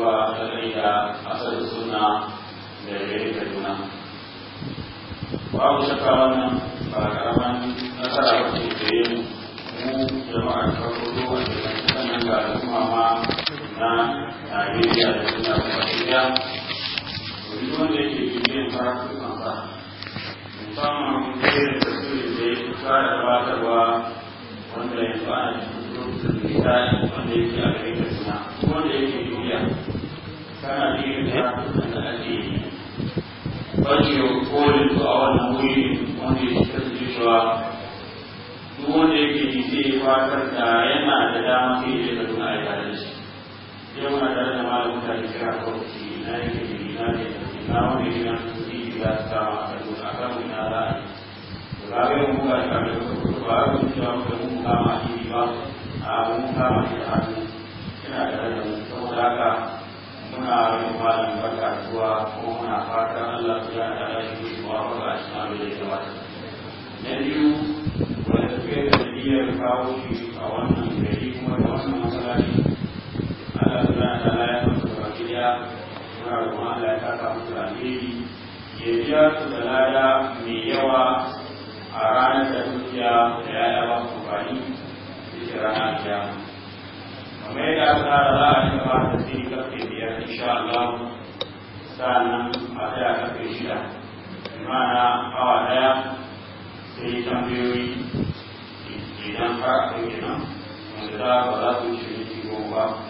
cewa ta kai da asar suna da da juna babu shakka wannan ba karaman nasara ba ce da yin mu wanda ga al'umma na Najeriya da duniya ba ɗaya domin wanda yake bibiyar farafin sa musamman irin da su da ya fi fara gabatarwa wanda ya cikin da gabatar da yana da dama sai ya ga duna ya da shi yau na tare da malamin da ke kira ko ci na yake da ina ne na wani ina ji da ta a duk a kan ina da ba ga ga da ku ba mun ji ba mun ga ma ji ba a mun ga ma ji a tare da da saboda haka muna yin barka zuwa ko muna fatan Allah ya da shi wa ba shi ma bai da wata na biyu wanda suke da niyyar kawo muna roƙon Allah ya saka musu da alheri ya biya su da lada mai yawa a ranar da dukiya da yaya ba su amfani da ranar kiyama kamar yadda aka tsara za a ci gaba da tsiri karfe biyar insha Allah sannan a tsaya karfe shida imana awa daya sai tambayoyi idan har akwai kenan wanda za ba za su ci ne ba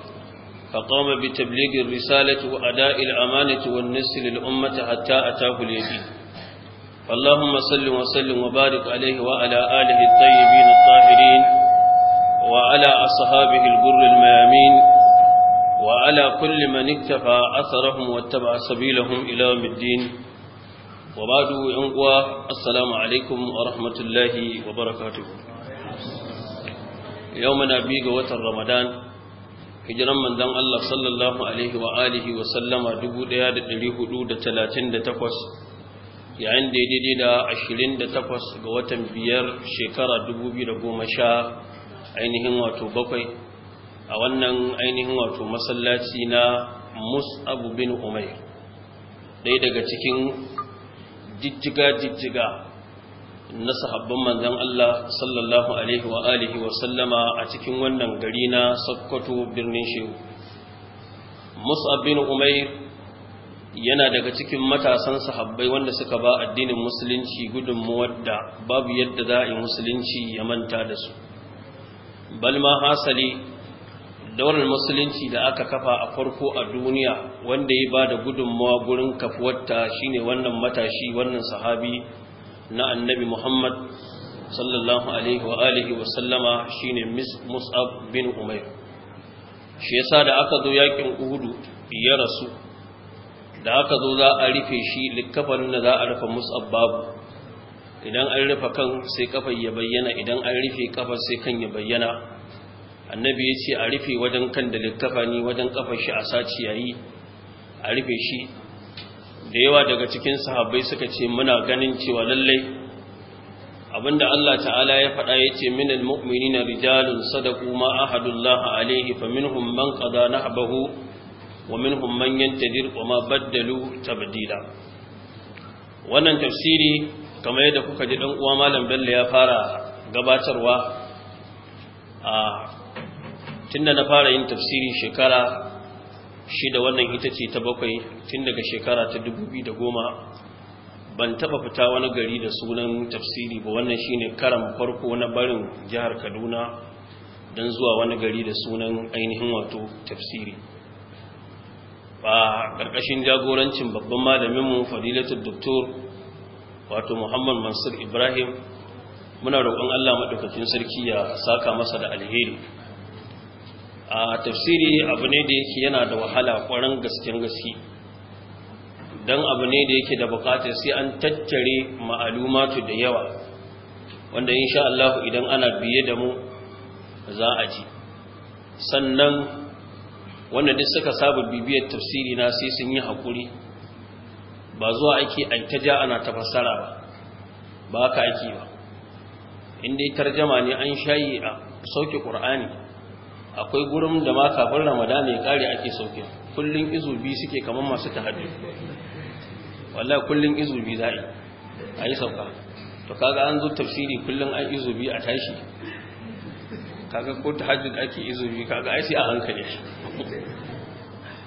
فقام بتبليغ الرسالة وأداء الأمانة والنس للأمة حتى أتاه اليقين اللهم صل وسلم وبارك عليه وعلى آله الطيبين الطاهرين وعلى أصحابه الجر الميامين وعلى كل من اكتفى أثرهم واتبع سبيلهم إلى يوم الدين وبعد أنقوى السلام عليكم ورحمة الله وبركاته يومنا بيغ وتر رمضان hijiran manzon Allah sallallahu alaihi wa alihi wa sallama 1438 yayin daidai da 28 ga watan biyar shekara da goma sha ainihin wato bakwai a wannan ainihin wato masallaci na Mus'ab bin Umair ɗaya daga cikin jijjiga jijjiga na sahabban manzan Allah sallallahu alaihi wa alihi wa sallama a cikin wannan gari na Sokoto birnin Shehu Mus'ab bin Umair yana daga cikin matasan sahabbai wanda suka ba addinin musulunci gudunmuwar da babu yadda za a musulunci ya manta da su balma hasali daular musulunci da aka kafa a farko a duniya wanda ya ba da gudunmawa gurin kafuwarta shine wannan matashi wannan sahabi na annabi Muhammad sallallahu alaihi wa alihi wa sallama shine Mus'ab bin Umair shi yasa da aka zo yakin Uhud ya rasu da aka zo za a rufe shi likkafanin da za a rufe Mus'ab babu idan an rufe kan sai kafar ya bayyana idan an rufe kafar sai kan ya bayyana annabi yace a rufe wajen kan da likkafani wajen kafar shi a saci yayi a rufe shi da yawa daga cikin sahabbai suka ce muna ganin cewa lallai abinda Allah ta'ala ya faɗa ya ce minal mu'minina rijalun sadaku ma Ahadullahi alaihi fa minhum man qada nahbahu wa minhum man yantadir wa ma baddalu tabdila wannan tafsiri kamar yadda kuka ji dan uwa malam Bello ya fara gabatarwa a tunda na fara yin tafsiri shekara da wannan ita ce ta bakwai tun daga shekara ta da goma. ban taba fita wani gari da sunan tafsiri ba wannan shi ne karan farko na barin jihar Kaduna don zuwa wani gari da sunan ainihin wato tafsiri ba ƙarƙashin jagorancin babban malaminmu fadilatul doktor wato Muhammad Mansur Ibrahim muna roƙon Allah madaukakin sarki ya saka masa da alheri a tafsiri abu ne da yake yana da wahala kwarin gasken gaske don abu ne da yake da bukatar sai an tattare ma'alumatu da yawa wanda insha Allah idan ana biye da mu za a ji sannan wanda duk suka saba bibiyar tafsiri na sai sun yi haƙuri ba zuwa ake an ta ja ana tafasara ba ba ka ake ba inda tarjama ne an shayi a sauke ƙur'ani akwai gurin da ma kafin ramadan ya kare ake sauke kullun izubi suke kaman masu tahajjud wallah kullun izubi za'i yi sauka to kaga an zo tafsiri kullun an izubi a tashi kaga ko tahajjud ake izubi kaga ai sai a hankali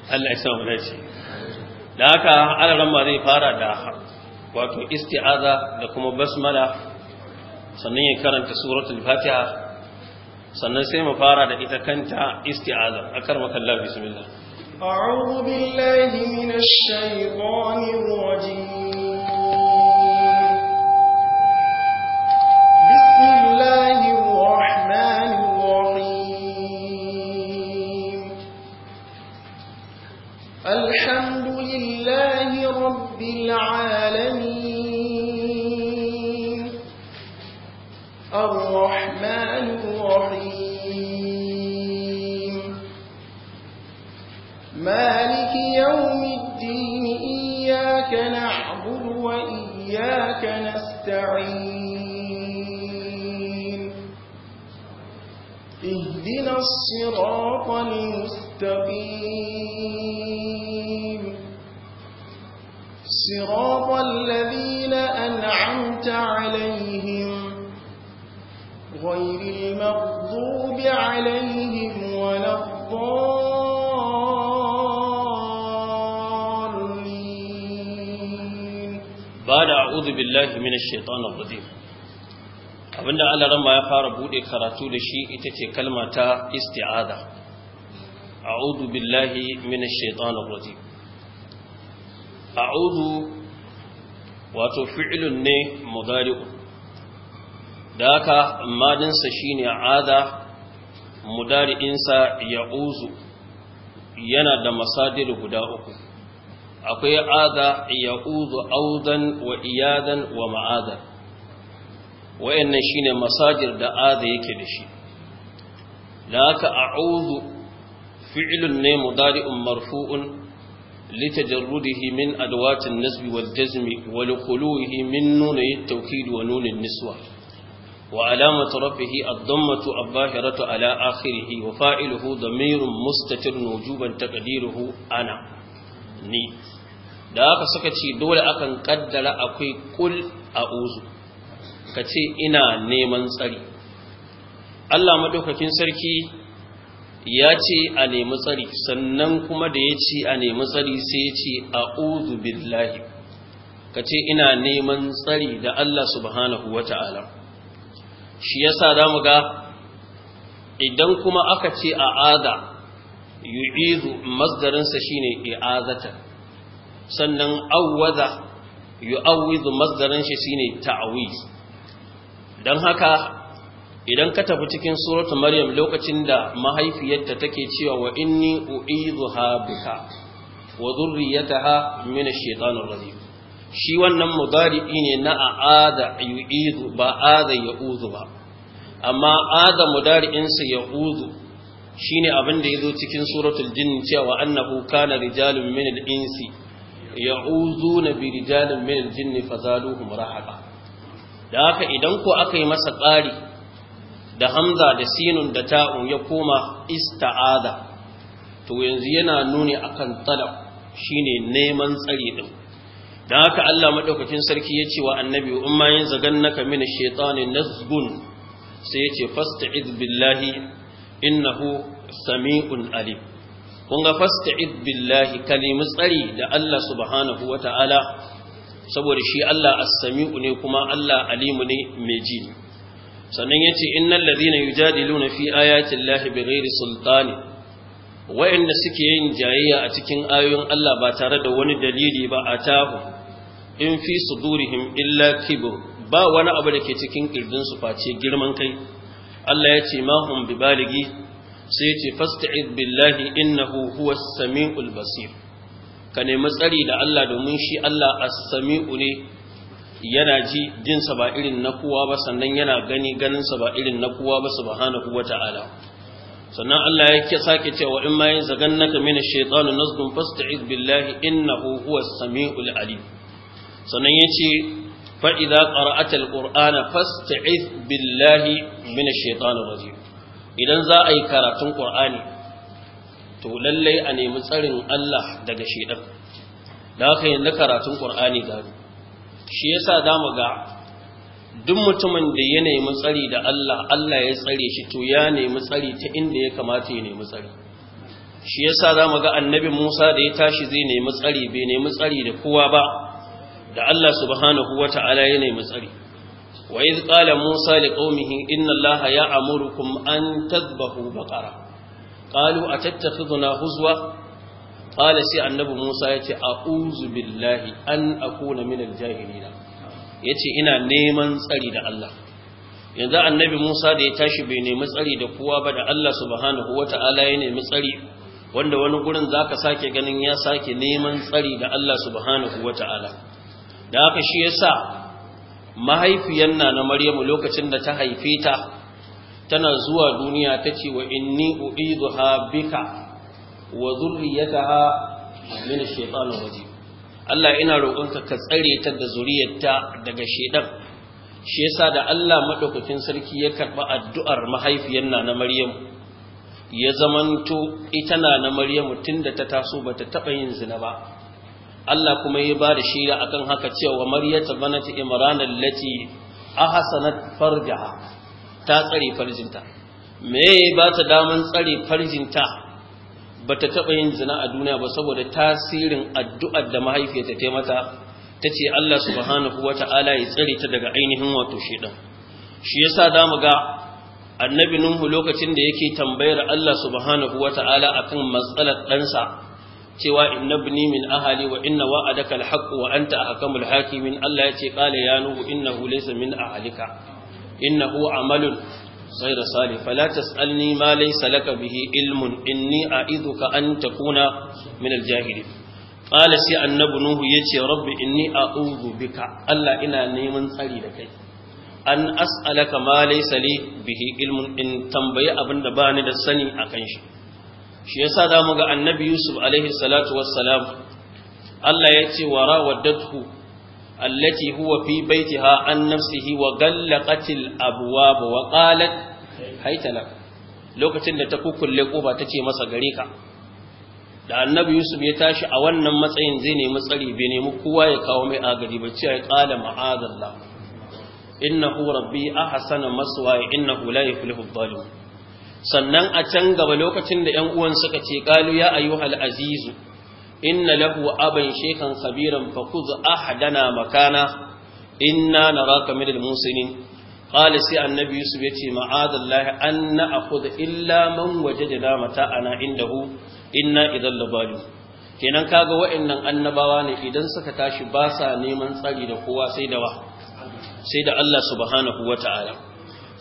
Allah ya sa mu dace da haka alaran ma zai fara da wato isti'aza da kuma basmala sannan ya karanta suratul fatiha sannan sai mu fara da ita kanta isti'aza akar makalla bismillah a'udhu billahi minash shaitanir rajim bismillahir rahmanir rahim alhamdulillahi rabbil alamin الرحمن الرحيم مالك يوم الدين إياك نعبد وإياك نستعين اهدنا الصراط المستقيم صراط الذين أنعمت عليهم غير المغضوب عليهم ولا الضالين بعد أعوذ بالله من الشيطان الرجيم أبدا على رمى يفار بودي كراتو لشيء تتي كلمة استعادة أعوذ بالله من الشيطان الرجيم أعوذ وتفعل النه مضارئ da haka madinsa shine ada mudari'insa uzu yana da masadir guda uku akwai ada uzu audan wa iyadan wa ma'adan shi ne masajir da ada yake da shi da haka a'udhu fi'lun ne mudari'un marfu'un لتجرده من أدوات النسب والجزم ولخلوه من نون التوكيد ونون النسوة وعلامة رفعه الضمة الظاهرة على آخره وفاعله ضمير مستتر وجوبا تقديره أنا ني da aka saka ce dole akan kaddara akwai kul a uzu ka ce ina neman tsari Allah madaukakin sarki ya ce a nemi tsari sannan kuma da ya ce a nemi tsari sai ya ce a uzu billahi ka ce ina neman tsari da Allah subhanahu wa ta'ala shi yasa sa mu ga idan kuma aka ce a aza yu'izu masdarinsa shine i'azata sannan awwaza yu'awizu masdarin shi shine ta'awiz dan haka idan ka tafi cikin suratu maryam lokacin da mahaifiyarta take cewa wa inni ha bika wa dhurriyyataha min ash rajim shi wannan mudari'i ne na a'ada yu'idu ba a'ada ya'udu ba amma a'ada mudari'in sa ya'udu shine abin da yazo cikin suratul jin cewa annahu kana rijalun min al-insi na bi rijalin min al-jinni fazaduhum rahaba da haka idan ko aka yi masa ƙari da hamza da sinun da ta'u ya koma ista'ada to yanzu yana nuni akan talab shine neman tsari din da haka Allah maɗaukakin sarki ya ce wa annabi umma yin zagan naka mini shaitanin nazgun sai ya ce fasta'id billahi innahu sami'un alim kun ga fasta'id billahi kalimu tsari da Allah subhanahu wa ta'ala saboda shi Allah as-sami'u ne kuma Allah alimu ne mai ji sannan yace innal ladina yujadiluna fi ayati llahi bighairi sultani Wa'inda suke yin jayayya a cikin ayoyin Allah ba tare da wani dalili ba a tahu in fi sudurihim illa kibr ba wani abu da ke cikin kirjin su face girman kai Allah ya ce ma hum baligi sai ya ce fasta'id billahi innahu huwas samiul basir ka nemi tsari da Allah domin shi Allah as-sami'u ne yana ji jinsa ba irin na kowa ba sannan yana gani ganinsa ba irin na kowa ba subhanahu wata'ala sannan Allah ya ke sake cewa in ma yin zagannaka min na shaytanu nazgun fasta'iz billahi innahu huwas samiul alim sannan yace fa idza qara'ata ƙur'ana qurana fasta'iz billahi min ash-shaytanir idan za a yi karatun ƙur'ani, to lallai a nemi tsarin Allah daga shaytan da yi na karatun ƙur'ani da shi yasa zamu ga duk mutumin da ya nemi tsari da Allah Allah ya tsare shi to ya nemi tsari ta inda ya kamata ya nemi tsari shi yasa zamu ga annabi Musa da ya tashi zai nemi tsari bai nemi tsari da kowa ba da Allah subhanahu wata'ala ya nemi tsari wa iz qala Musa liqaumihi inna Allah ya'murukum an tadhbahu baqara qalu atattakhiduna huzwa qala sai annabi Musa yace a'udhu billahi an akuna minal jahilina ya ce ina neman tsari da Allah yanzu annabi musa da ya tashi bai nemi tsari da kowa ba da Allah subhanahu wata'ala ya nemi tsari wanda wani gurin za ka sake ganin ya sake neman tsari da Allah subhanahu wata'ala da haka shi ya sa na na maryamu lokacin da ta haife ta tana zuwa duniya ta ce wa inni uizu bika wa zurriyataha min shaytanir rajim Allah ina roƙonka ka tsare ta da zuriyarta daga shedan shi yasa da Allah madaukakin sarki ya karba addu'ar mahaifiyar na Maryam ya zamanto ita na na Maryam tunda ta taso bata taba yin zina ba Allah kuma ya ba da shira akan haka cewa Maryata banat Imran allati ahsanat farjaha ta tsare farjinta me ya ba ta daman tsare farjinta ba ta taɓa yin zina a duniya ba saboda tasirin addu'ar da mahaifiyarta ta mata ta ce Allah subhanahu wa ta'ala ya tsare ta daga ainihin wato shaidan shi yasa za mu ga annabi nuhu lokacin da yake tambayar Allah subhanahu wa ta'ala akan matsalar ɗansa cewa innabni min ahali wa inna wa'adaka alhaq wa anta ahkamul hakimin Allah ya ce qala ya nuhu innahu laysa min ahlika innahu amalun غير صالح فلا تسألني ما ليس لك به علم إني أعيذك أن تكون من الجاهلين قال سي النبي نوح يتي رب إني أعوذ بك ألا إنا نيمن تسري لك أن أسألك ما ليس لي به علم إن تنبي أبن دباني دسني أكنش شيسا دامغ النبي يوسف عليه الصلاة والسلام Allah ya ce wa rawaddathu allati huwa fi baitiha an nafsihi wa gallaqatil abwab wa qalat lokacin da ta kukulle kofa tace masa gare ka da annabi yusuf ya tashi a wannan matsayin zai nemi tsari bai nemi kowa ya kawo mai agadi ba ce ya qala ma'azallah innahu rabbi ahsana maswaya innahu la yuflihu adh-dhalimun sannan a can gaba lokacin da ƴan uwan suka ce qalu ya ayyuhal azizu inna lahu aban shekan sabiran fa khudh ahadana makana inna naraka min al-musinin qala annabi yusuf yace ma'adallahi an na'khudha illa man wajadna mata'ana indahu inna idan labalu kenan kaga wa'annan annabawa ne idan suka tashi ba sa neman tsari da kowa sai da wa sai da Allah subhanahu wata'ala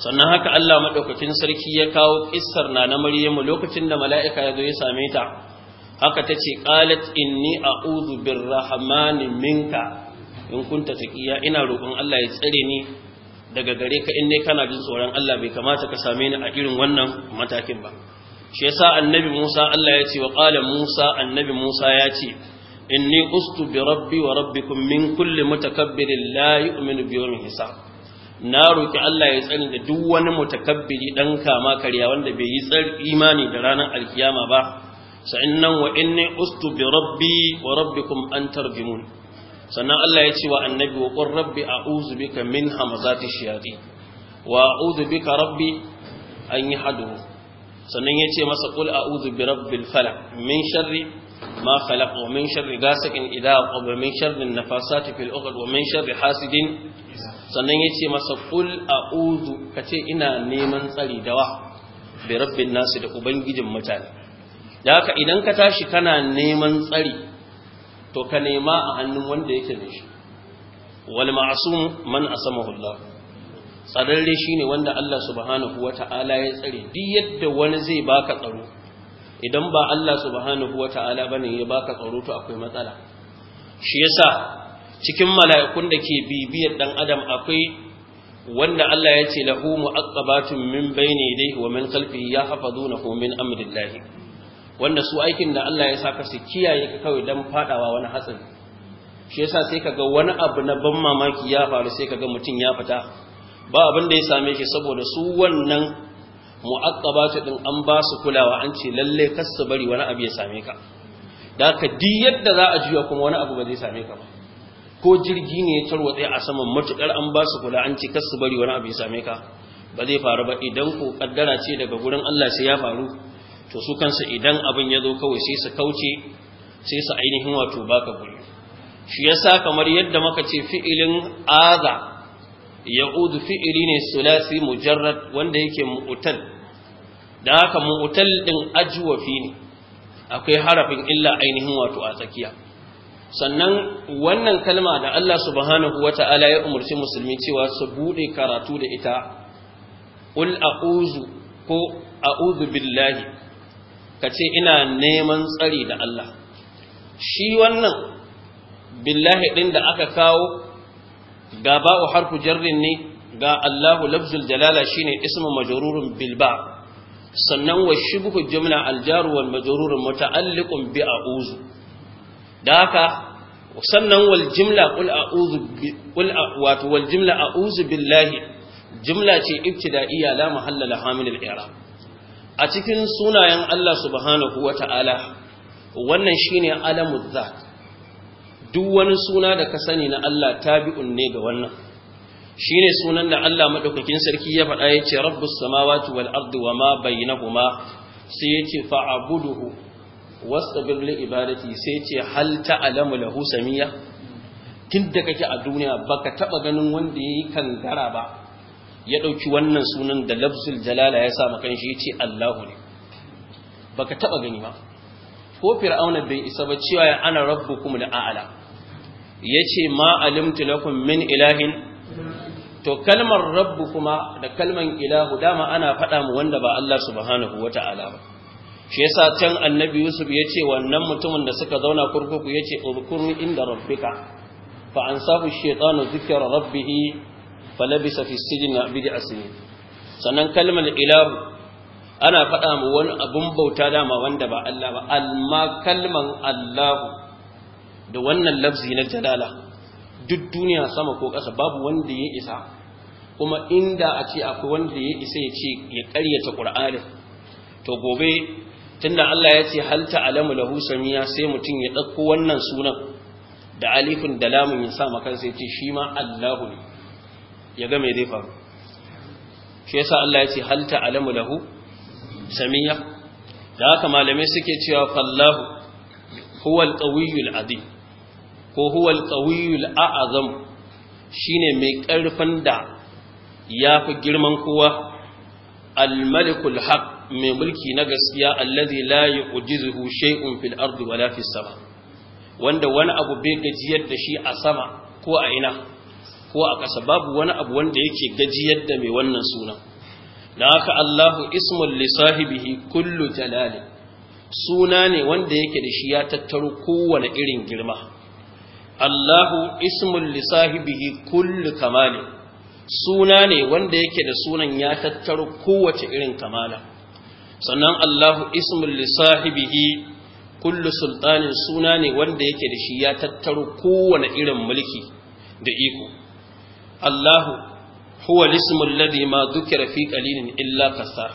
sannan haka Allah madaukakin sarki ya kawo kissar na na Maryamu lokacin da mala'ika ya zo ya same ta haka ta ce a inni bin birrahmani minka in kunta iya, ina roƙon Allah ya tsare ni daga gare ka in dai kana jin tsoron Allah bai kamata ka same ni a irin wannan matakin ba shi yasa annabi Musa Allah ya ce wa ƙala Musa annabi Musa ya ce inni ustu bi rabbi wa rabbikum min kulli mutakabbirin la yu'minu bi yawmil hisab na roƙi Allah ya tsare da duk wani mutakabbiri dan kama karya wanda bai yi tsari imani da ranar alkiyama ba nan wa inni ustu bi rabbi wa rabbi kuma an tarjumun sannan Allah ya ce wa annabi wa qur rabbi bi ka min ta shayatin wa bi ka rabbi an yi haduru sannan ya ce masa a a'udhu bi rabbi falaq min sharri ma khalaq wa min sharri ghasiqin idha qaba min sharri nafasati fil 'uqad wa min sharri hasidin sannan ya ce masa qul a'udhu kace ina neman tsari da wa bi rabbin nas da ubangijin mutane da haka idan ka tashi kana neman tsari to ka nema a hannun wanda yake da shi wal ma'sum man asamahu Allah tsararre shine wanda Allah subhanahu wata'ala ya tsare duk yadda wani zai baka tsaro idan ba Allah subhanahu ta'ala bane ya baka tsaro to akwai matsala shi yasa cikin mala'ikun da ke bibiyar dan adam akwai wanda Allah ya ce lahu mu'aqqabatun min bayni yadayhi wa min khalfihi yahfazunahu min amrillahi wanda su aikin da Allah ya saka su kiyaye ka kawai don fadawa wani hatsari shi yasa sai ga wani abu na ban mamaki ya faru sai ka ga mutum ya fita ba abin da ya same shi saboda su wannan ta din an ba su kulawa an ce lalle kar bari wani abu ya same ka da ka di yadda za a juya kuma wani abu ba zai same ka ko jirgi ne ya tarwatsa a saman matukar an ba su kula an ce kar su bari wani abu ya same ka ba zai faru ba idan ko kaddara ce daga gurin Allah sai ya faru to su kansa idan abin ya zo kawai sai su kauce sai su ainihin wato baka guri shi yasa kamar yadda muka ce fi'ilin aza ya'udu fi'ili ne sulasi mujarrad wanda yake mu'tal dan haka mu'tal din ajwafi ne akwai harafin illa ainihin wato a tsakiya sannan wannan kalma da Allah subhanahu wata'ala ya umarci musulmi cewa su bude karatu da ita ul a'uzu ko a'udhu billahi ka ce ina neman tsari da Allah shi wannan billahi ɗin da aka kawo ga ba'u harfu jarrin ne ga Allahu lafzul jalala shine ismu majrurun bilba sannan wa shibhu jumla aljaru wal majrurun muta'alliqun bi a'uzu da haka sannan wal jumla qul a'udhu qul wato wal jumla a'udhu billahi jumla ce ibtida'iyya la mahalla la hamil al-i'rab a cikin sunayen Allah subhanahu Ta'ala, wannan shi ne zat duk wani suna da ka sani na Allah tabi'un ne ga wannan ne sunan da Allah maɗaukakin sarki ya faɗa yace rabbus samawati wal ardi wama bainahuma sai yace fa'buduhu wastabir li ibadati sai ce, hal ta'lamu lahu samiya tunda kake a duniya baka taɓa ganin wanda yayi kangara ba ya ɗauki wannan sunan da Labzul jalala ya sa makan shi ya ce Allahu ne baka taba gani ba ko fir'auna bai isa ba cewa ya ana rabbukum la'ala yace ma alimtu lakum min ilahin to kalmar rabbu kuma da kalman ilahu dama ana faɗa mu wanda ba Allah subhanahu wata'ala ba shi yasa can annabi Yusuf yace wannan mutumin da suka zauna kurkuku yace uzkuru inda rabbika fa ansahu shaytanu dhikra rabbihi falabisa fi sijina bid'a sinin sannan kalmar ilahu ana faɗa mu wani abun bauta dama wanda ba Allah ba Alma kalman Allahu da wannan lafzi na jalala duk duniya sama ko ƙasa babu wanda ya isa kuma inda a ce akwai wanda ya isa ya ce ya ƙaryata Ƙur'ani, to gobe tunda Allah ya ce hal ta'lamu lahu samiya sai mutum ya ɗauko wannan sunan da alifin da lamun ya sa makansa ya ce shi ma Allahu ne ya ga mai zai faru shi yasa Allah ya ce hal ta'lamu lahu samiya da haka malamai suke cewa fallahu huwal qawiyul azim ko huwal qawiyul a'zam shine mai karfin da yafi girman kowa al-malikul haq mai mulki na gaskiya allazi la yu'jizuhu shay'un fil ardi wala fis sama wanda wani abu bai gajiyar da shi a sama ko a ina ko a ƙasa babu wani abu wanda yake gajiyar da mai wannan sunan da haka Allahu ismul li sahibihi kullu jalali suna ne wanda yake da shi ya tattaro kowane irin girma Allahu ismul li sahibihi kullu kamali suna ne wanda yake da sunan ya tattaro kowace irin kamala sannan Allahu ismul li sahibihi kullu sultanin suna ne wanda yake da shi ya tattaro kowane irin mulki da iko Allahu huwa lismul ma dhukira fi qalilin illa kasar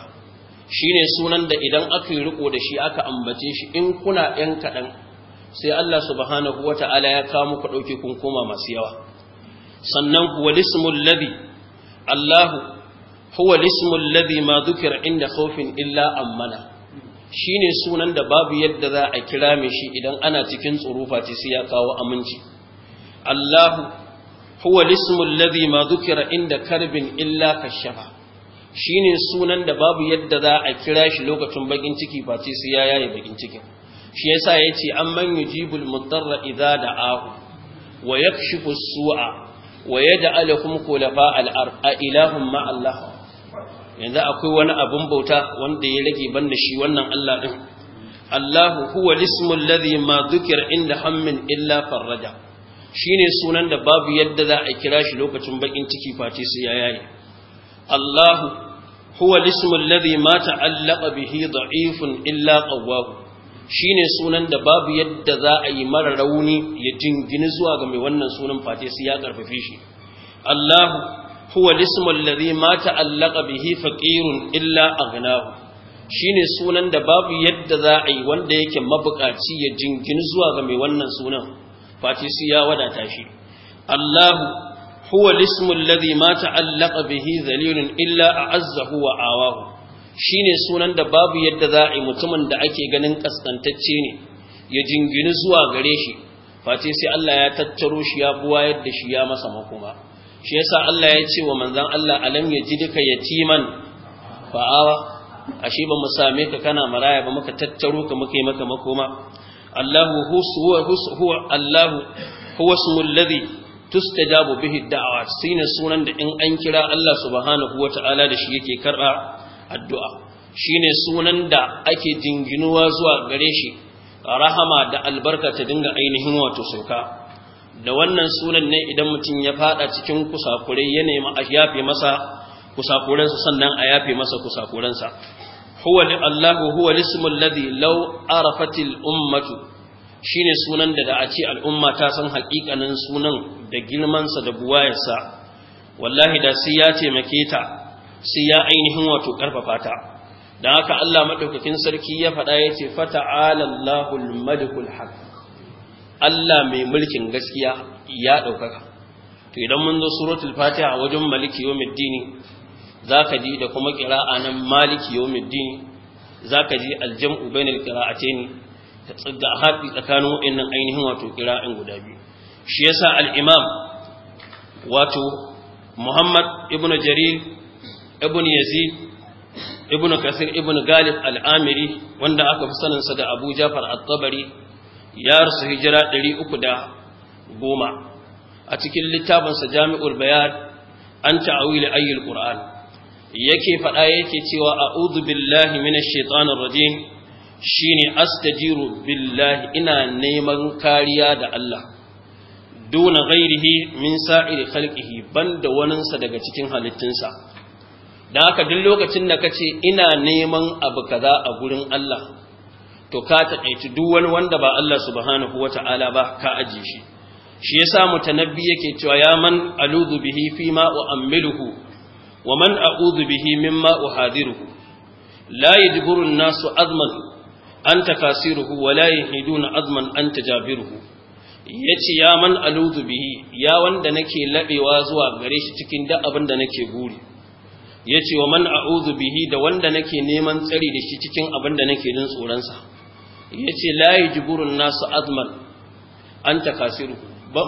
shine sunan da idan aka yi riko da shi aka ambace shi in kuna ɗan kaɗan sai Allah subhanahu Ta'ala ya kawo muku ɗauke kun koma masu yawa sannan huwa lismul ladhi Allahu huwa lismul ladhi ma dhukira inda khawfin illa amana shine sunan da babu yadda za a kira mai shi idan ana cikin tsoro ce sai ya kawo aminci Allahu huwa lismul ladhi ma inda karbin illa kashafa shine sunan da babu yadda za a kira shi lokacin bakin ciki ba ce sai ya yaye bakin cikin shi yasa yace amman yujibul mudarra idza da'ahu wa yakshifu su'a wa yaj'alukum khulafa al-ard a ilahum ma Allah yanzu akwai wani abun bauta wanda ya rage banda shi wannan Allah din Allahu huwa lismul ladhi ma dhukira inda hammin illa farraja shine sunan da babu yadda za a kira shi lokacin bakin ciki face su ya yaye Allahu huwa ismu alladhi ma ta'allaqa bihi da'ifun illa qawwahu shine sunan da babu yadda za a yi mara rauni ya jingini zuwa ga mai wannan sunan face su ya karfafe shi Allahu huwa ismu alladhi ma ta'allaqa bihi faqirun illa aghnahu shine sunan da babu yadda za a yi wanda yake mabukaci ya jingini zuwa ga mai wannan sunan face ya wadata shi Allahu huwa lismu alladhi ma ta'allaqa bihi zalilun illa a'azzahu wa awahu shine sunan da babu yadda za mutumin da ake ganin kaskantacce ne ya jingini zuwa gare shi Fati sai Allah ya tattaro shi ya buwa yadda shi ya masa makoma shi yasa Allah ya ce wa manzon Allah alam yajidka yatiman fa'awa ashe ba mu same ka kana maraya ba muka tattaro ka muka yi maka makoma الله هو هو هو الله هو اسم الذي تستجاب به الدعوات سين سنن da in an kira Allah subhanahu wataala da shi yake karba addu'a shine sunan da ake jinginuwa zuwa gare shi rahama da albarka ta dinga ainihin wato sauka da wannan sunan ne idan mutum ya fada cikin kusakurai ya nemi a yafe masa kusakuransa sannan a yafe masa kusakuransa huwa Allahu huwa ismul ladhi law arafatil ummatu shine sunan da da a ce al'umma ta san hakikanin sunan da girmansa da buwayarsa wallahi da sai ya make ta sai ya ainihin wato ƙarfafa ta dan haka Allah maɗaukakin sarki ya faɗa yace fata fata'ala Allahul malikul haq Allah mai mulkin gaskiya ya ɗaukaka to idan mun zo suratul fatiha wajen maliki yawmiddin zaka ji da kuma ƙira'a nan maliki yawmiddin za ka ji aljam'u bainal qira'atayn da haɗi tsakanin wa'annan ainihin wato kira'in guda biyu shi yasa al-imam wato Muhammad ibn Jarir ibn Yazid ibn Kasir ibn Galib al-Amiri wanda aka fi sanin sa da Abu Jafar at-Tabari ya rasu hijira 310 a cikin littafinsa sa Jami'ul Bayan an ta'awil ayyul Qur'an yake faɗa yake cewa a'udhu billahi minash shaitanir rajim shine astajiru billahi ina neman kariya da Allah duna gairihi min sa'iri khalqihi banda waninsa daga cikin halittunsa da haka duk lokacin da kace ina neman abu kaza a gurin Allah to ka taƙaici duk wani wanda ba Allah subhanahu wata'ala ba ka aji shi shi yasa mutanabbi yake cewa ya man aludu bihi fi ma wa amiluhu wa man a'udhu bihi أحاذره لا يجبر الناس an-nasu azman an takasiruhu wa أن تجابره azman an yace ya man a'udhu bihi ya wanda nake labewa zuwa gare shi cikin duk abin da nake buri yace wa man a'udhu bihi da wanda nake neman tsari da shi cikin abin da nake jin tsoron sa yace la yajburun nasu azman an takasiruhu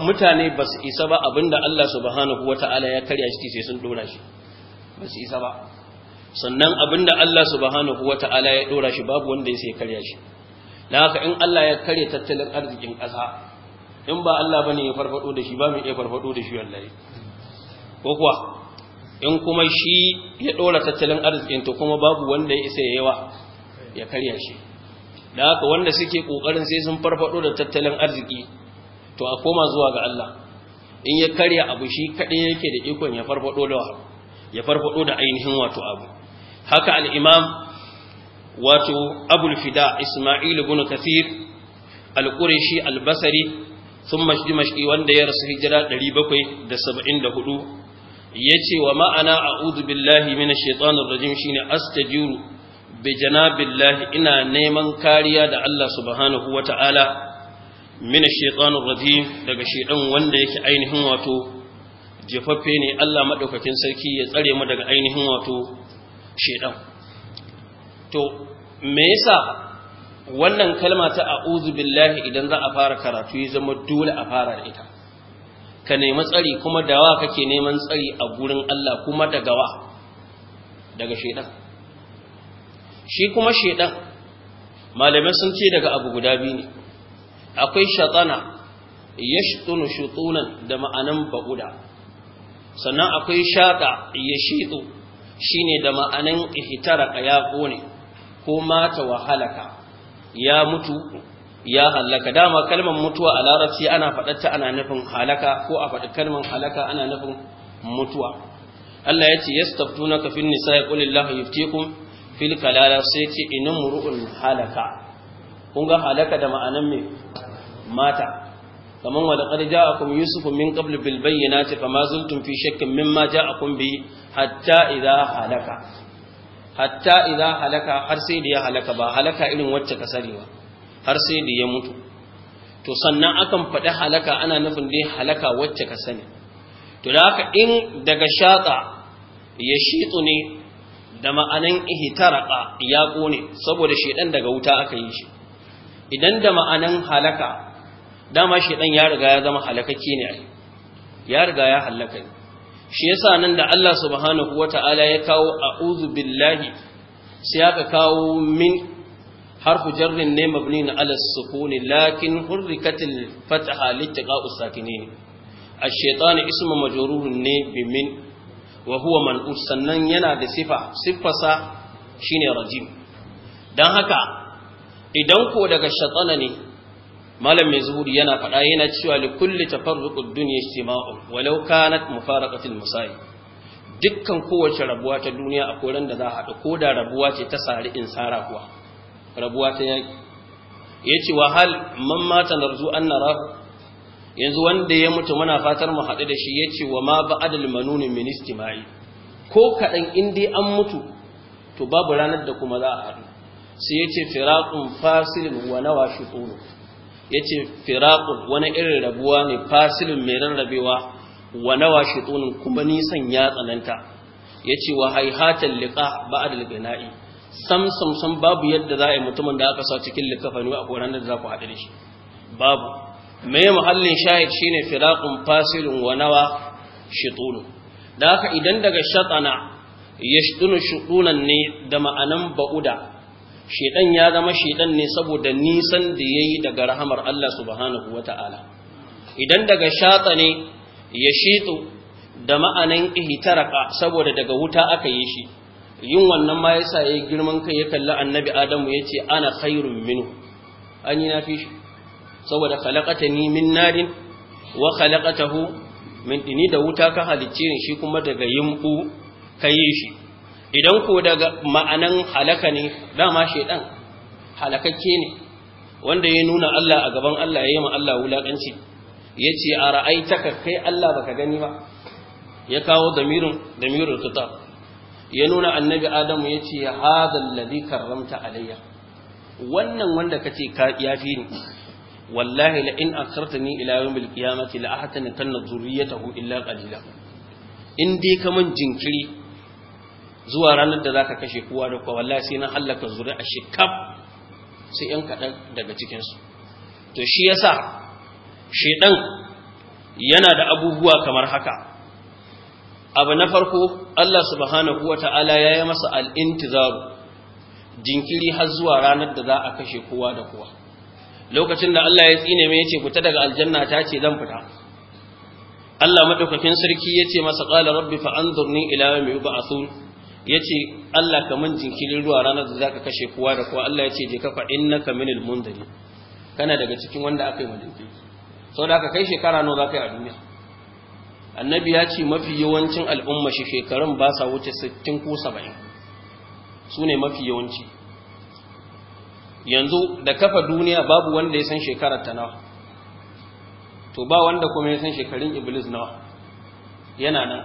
mutane ba su isa ba abinda Allah subhanahu wata'ala ya karya shi sai sun dora shi ba su isa ba sannan abinda Allah subhanahu Ta'ala ya ɗora shi babu wanda ya sai karya shi Na haka in Allah ya karya tattalin arzikin ƙasa in ba Allah ne ya farfado da shi ba mai iya farfado da shi wallaye ko kuwa in kuma shi ya ɗora tattalin arzikin to kuma babu wanda ya isa yawa ya karya shi Na haka wanda suke ƙoƙarin sai sun farfado da tattalin arziki to a koma zuwa ga Allah in ya karya abu shi kaɗai yake da ikon ya farfado da ya farfado da ainihin wato abu haka al-imam wato abul fida isma'il ibn kathir al-qurashi al-basri thumma dimashqi wanda ya rasu hijira 774 yace wa ma'ana a'udhu billahi minash shaitanir rajim shine astajiru bi janabillahi ina neman kariya da Allah subhanahu wata'ala minash shaitanir rajim daga shedan wanda yake ainihin wato jefaffe ne Allah madaukakin sarki ya tsare mu daga ainihin wato shedan to me yasa wannan kalma ta a'udhu billahi idan za a fara karatu ya zama dole a fara da ita ka nemi tsari kuma da wa kake neman tsari a gurin Allah kuma daga wa daga shedan shi kuma shedan malamai sun ce daga abu guda biyu ne akwai shatana yashtunu shutunan da ma'anan ba'uda sannan akwai shaƙa ya shiɗo shi ne da ma'anin ihtaraka ya ƙone ko mata wa halaka ya mutu ya halaka dama kalmar mutuwa a larabci ana faɗarta ana nufin halaka ko a faɗi kalmar halaka ana nufin mutuwa Allah ya ce yastaftunaka fin nisa'i qul illahu yuftikum fil kalala sai ce muru'un halaka kun ga halaka da ma'anan mai mata kaman wa laqad ja'akum yusuf min qabl bil bayyinati fama zultum fi shakkin mimma ja'akum bi hatta idha halaka hatta idha halaka har sai da ya halaka ba halaka irin wacce ka sani ba har sai da ya mutu to sannan akan faɗi halaka ana nufin dai halaka wacce ka sani to da haka in daga shata ya shitu ne da ma'anan ihtaraka ya ƙone saboda shedan daga wuta aka yi shi idan da ma'anan halaka dama shedan ya riga ya zama halakacce ne ya riga ya halaka ne shi yasa nan da Allah subhanahu wataala ya kawo a'udhu billahi sai aka kawo min harfu jarrin ne mabni na ala sukuni lakin hurrikatil fataha littiqa'u sakinin ash-shaytan ismu majrurun ne bimin wa huwa man'us sannan yana da sifa siffarsa shine rajim dan haka idan ko daga shaytana ne malam mai zuhuri yana faɗa yana cewa li kulli tafarruqud dunya istima'un walau kanat mufaraqatil musai dukkan kowace rabuwa ta duniya akwai ran da za a haɗu ko da rabuwa ce ta sari in sara kuwa rabuwa ta yaki yace wa hal man mata narzu an narahu yanzu wanda ya mutu muna fatar mu haɗu da shi ya ce wa ma ba'adal manunin min istima'i ko kaɗan in dai an mutu to babu ranar da kuma za a haɗu sai ya ce firaƙun fasilin wa nawa shi tsoro yace Firaku wani irin rabuwa ne fasilin mai rarrabewa wa nawa kuma nisan ya tsananta yace wa haihatan liqa ba'd al-bina'i sam sam sam babu yadda za a yi mutumin da aka sa cikin likafani a koran da za ku haɗu da shi babu mai muhallin shahid shine firaqun fasilun wa nawa shitunu da haka idan daga shatana yashtunu shutunan ne da ma'anan ba'uda shedan ya zama shedan ne saboda nisan da ya yi daga rahamar Allah subhanahu Ta'ala. idan daga shata ne ya shitu da ma'anan ihitaraka saboda daga wuta aka yi shi yin wannan ma ya yi girman kai ya kalli annabi adamu ya ce ana khairun minu, an yi fi shi saboda ni min narin wa hu? min ɗini da wuta ka halicce shi kuma daga ka yi shi idan ko daga ma'anan halaka ne dama shaidan halakakke ne wanda ya nuna Allah a gaban Allah ya yi ma Allah wulaƙanci, ya ce a ra'aitaka kai Allah baka gani ba ya kawo damirin damirin tuta ya nuna annabi adamu ya ce hadal ladhi karramta alayya wannan wanda kace ka yafi ni wallahi la in akhartani ila yawmil qiyamati la ahtanikanna dhurriyyatahu illa qalila in dai man jinkiri zuwa ranar da zaka kashe kowa da kowa wallahi sai na halaka zuri a shikab sai yan kaɗan daga cikinsu to shi yasa shedan yana da abubuwa kamar haka abu na farko Allah subhanahu wata'ala ya yi masa al'intizaru jinkiri har zuwa ranar da za a kashe kowa da kowa lokacin da Allah ya tsine mai yace fita daga aljanna ta ce zan fita Allah madaukakin sarki yace masa qala rabbi fa anzurni ila yawmi yub'athun Ya ce Allah ka mun jinkirin ruwa ranar da za ka kashe kowa da kowa Allah ya ce ka fa innaka minal mundari kana daga cikin wanda aka yi wa jinkiri da haka kai shekara nawa ka yi a duniya annabi ya ce mafi yawancin al'umma shi shekarun ba sa wuce 60 ko 70 su ne mafi yawanci yanzu da kafa duniya babu wanda ya san shekarar ta nawa to ba wanda kuma ya san shekarun iblis nawa yana nan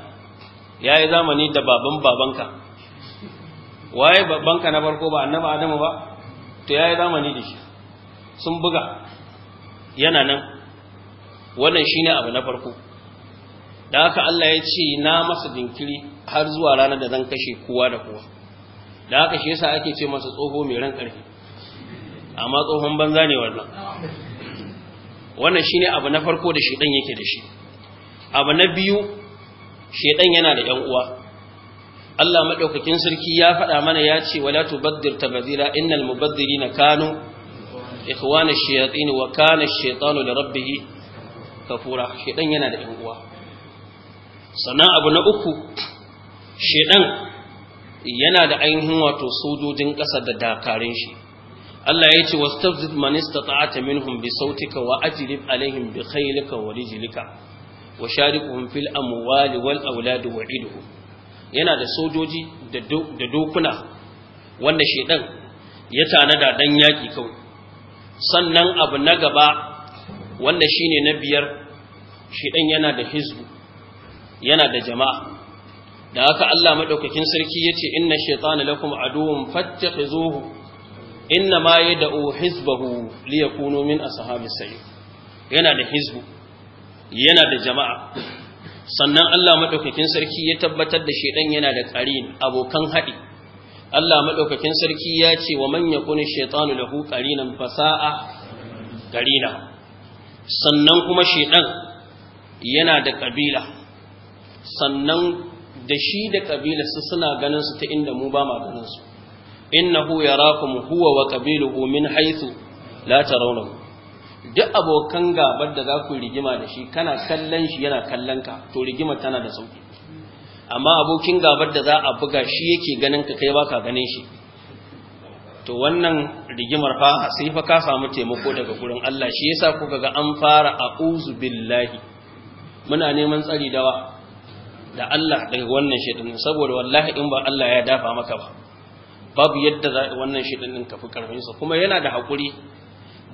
ya yi zamani da baban babanka waye babban ka na farko ba annabi adamu ba to yayi zamani da shi sun buga yana nan wannan shine abu na farko da haka Allah ya ce na masa dinkiri har zuwa ranar da zan kashe kowa da kowa da haka shi yasa ake ce masa tsoho mai ran karfi amma tsohon banza ne wannan wannan shine abu na farko da shedan yake da shi abu na biyu shedan yana da yan uwa Allah maɗaukakin sarki ya faɗa mana ya ce wala tubaddir tabdila innal mubaddirina kanu ikhwana ash-shayatin wa kana ash-shaytanu li rabbih kafura shedan yana da ɗan uwa sannan abu na uku shedan yana da ainihin wato sojojin ƙasa da dakarun shi Allah ya ce wastafzid man istata'ata minhum bi sautika wa ajlib alaihim bi khaylika wa rijlika wa shariquhum fil amwali wal auladi wa idhum yana da sojoji da dokuna wanda shedan ya tanada dan yaki kawai sannan abu na gaba wanda shine na biyar shedan yana da hizbu yana da jama'a da haka Allah madaukakin sarki yace inna shaytana lakum aduwwun fattakhizuhu inna ma yad'u hizbahu liyakunu min ashabis sayyid yana da hizbu yana da jama'a sannan Allah madaukakin sarki ya tabbatar da shedan yana da ƙarin abokan hadi Allah madaukakin sarki ya ce wa man yakun shaytanu lahu qarinan fasaa qarina sannan kuma shedan yana da kabila sannan da shi da su suna ganin su ta inda mu ba ma ganin su innahu yarakum huwa wa qabiluhu min haythu la tarawnahu duk abokan gabar da za ku rigima da shi kana kallon shi yana kallon ka to rigima tana da sauki amma abokin gabar da za a buga shi yake ganin ka kai baka ganin shi to wannan rigimar fa sai fa ka samu taimako daga gurin Allah shi yasa kuka ga an fara a'uzu billahi muna neman tsari dawa da Allah daga wannan shedin saboda wallahi in ba Allah ya dafa maka ba babu yadda wannan shedin din ka fi karfin sa kuma yana da hakuri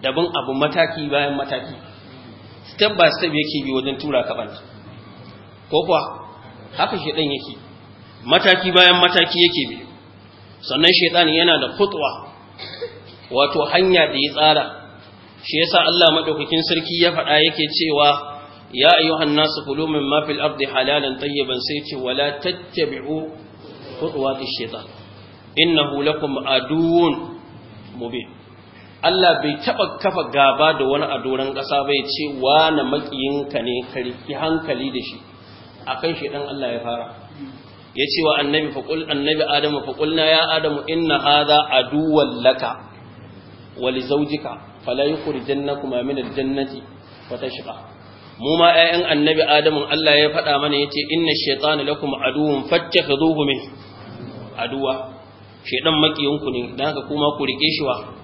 Dabin abu mataki bayan mataki step by step yake bi wajen tura kaban ko kuwa haka shedan yake mataki bayan mataki yake bi sannan shedan yana da khutwa wato hanya da ya tsara shi yasa Allah madaukakin sarki ya faɗa yake cewa ya ayyuhan nasu kulu ma fil ardi halalan tayyiban sai ce wala tattabi'u khutuwatish shaitan innahu lakum aduwwun mubin Allah bai taɓa kafa gaba da wani a doron ƙasa bai ce wa na maƙiyinka ne karki hankali da shi a kan shi ɗan Allah ya fara ya ce wa annabi faƙul annabi adamu faƙulna ya adamu inna hadha aduwwan laka wa li zawjika fala yukhrijannakuma min al-jannati wa tashqa mu ma 'ya'yan annabi adamu Allah ya faɗa mana yace inna ash-shaytana lakum aduwwun fattakhidhuhu min aduwa shaytan maƙiyinku ne dan haka kuma ku rike shi wa